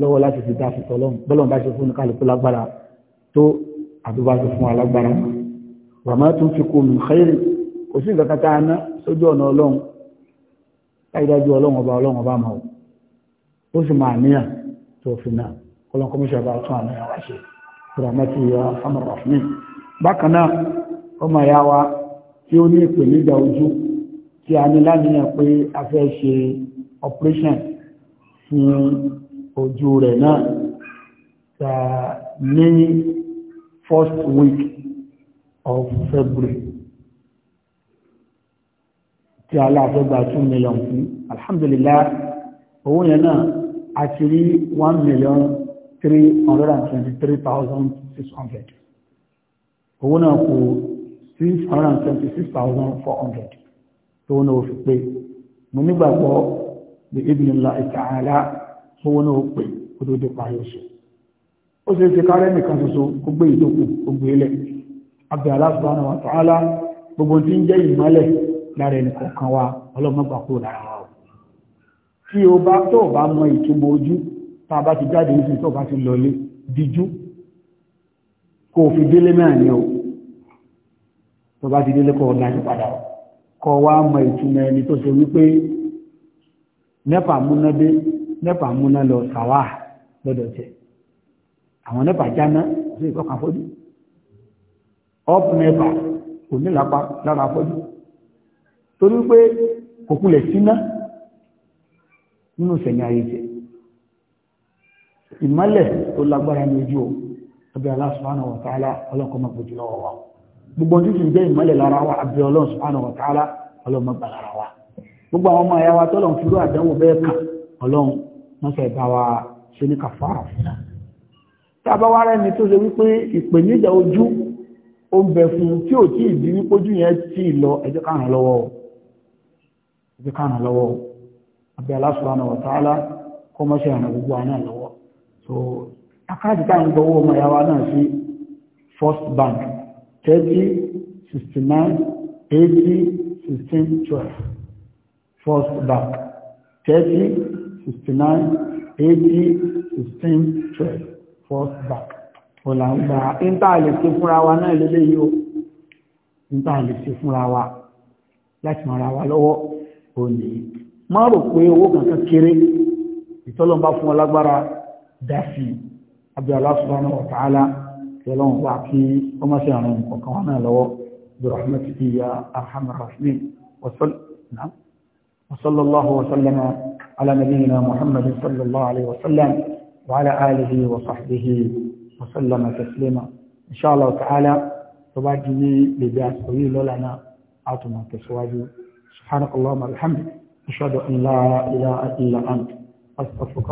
lọ́wọ́ láti fi dá sí tọ́lọ́mù bọ́lọ́mù bá ṣe fún kálukú lágbára tó àdúgbàtí fún alágbára wàmá tún fi kó min khairin kò sí nǹkan kata aná sójú ọ̀nà ọlọ́run láìdájú ọlọ́run ọba ọlọ́run ọba máa ó sì máa níyàn tó fi náà ọlọ́run kọmíṣẹ́ bá tún àníyàn wá ṣe ìrànmọ́tí ya famar rahmi bákan náà ọmọ ìyá wa tí ó ní ìpèníjà ojú tí a ní láníyàn pé a fẹ́ ṣe operation fún ojú rẹ̀ náà ní first week of February tí aláàfẹ́ gba two million fún alhamdulillah owó yẹn náà a ti rí one million three hundred and twenty-three thousand six hundred owó náà kù six hundred and twenty-six thousand four hundred tó náà fi pé mo nígbàgbọ́ bí ibn Allah ta'ala tó náà pé kó tó dé parí oṣù ó ṣe ṣe kárẹ́ nìkan ṣoṣo kó gbé ìtókù gbogbo ilẹ̀ abẹ́ Allah subhanahu wa ta'ala gbogbo tí ń jẹ́ ìmọ́lẹ̀ lára ẹnì kọ̀ọ̀kan wa ọlọ́mọgbà kúrò lára wa o tí o bá tó o bá mọ ìtumọ̀ ojú tá a bá ti jáde nísìnyí tó o bá ti lọlé díjú kó o fi délé náà ní o tó bá ti délé kó o dájú padà wá mọ ìtumọ̀ ẹni tó ṣe wípé nẹ́pà múná dé nẹ́pà múná lọ sàwà lọ́dọ̀ tiẹ̀ àwọn nẹ́pà jáná sí ìkọ́kàn fọ́jú ọ́pù nẹ́pà kò ní lápá lára fọ́jú torí pé kò kulẹ̀ síná nínú sẹ̀yìn ayé jẹ́ ìmọ́lẹ̀ tó lágbára ní ojú ọbẹ̀ Allah subhanahu wa ta'ala ọlọ́kọ̀ọ́mọ̀ gbòjú lọ́wọ́ wa gbogbo ojú ti ta'ala ọlọ́mọ̀ gbà lára wa gbogbo àwọn ọmọ ẹ̀yà wa tọ́lọ̀ ń fi rú àdánwò bẹ́ẹ̀ kàn ọlọ́run wọ́n sẹ̀ bá wa ṣe ní kàfàrà fún tábá wá rẹ́ni tó ṣe wípé ìpèníjà ojú ó ń bẹ fún tí ò tí ì di wípé ojú yẹn tí ì lọ ẹ jẹ́ ká ràn lọ́wọ́ o àbí Allah subhanahu wa ta'ala kọ́ gbogbo àná lọ́wọ́ so akáàdì tá à ń gbọ́wọ́ ọmọ ìyá wa náà sí first bank thirty sixty nine eighty sixteen twelve first bank thirty sixty nine eighty sixteen twelve first back ọ̀là ń gba íńtà lè ṣe fúnra wa náà lélẹ́ yìí o íńtà lè ṣe fúnra wa láti mọ̀ra wa lọ́wọ́ ò ní má rò pé owó kankan kéré ìtọ́lọ́n bá fún ọ lágbára يا أرحم الراحمين وصل نعم وصلى الله وسلم على نبينا محمد صلى الله عليه وسلم وعلى آله وصحبه وسلم تسليما إن شاء الله تعالى تباجني لبيعت طويل لنا أعطنا تسواجه سبحانك اللهم الحمد أشهد أن لا إله إلا أنت أستغفرك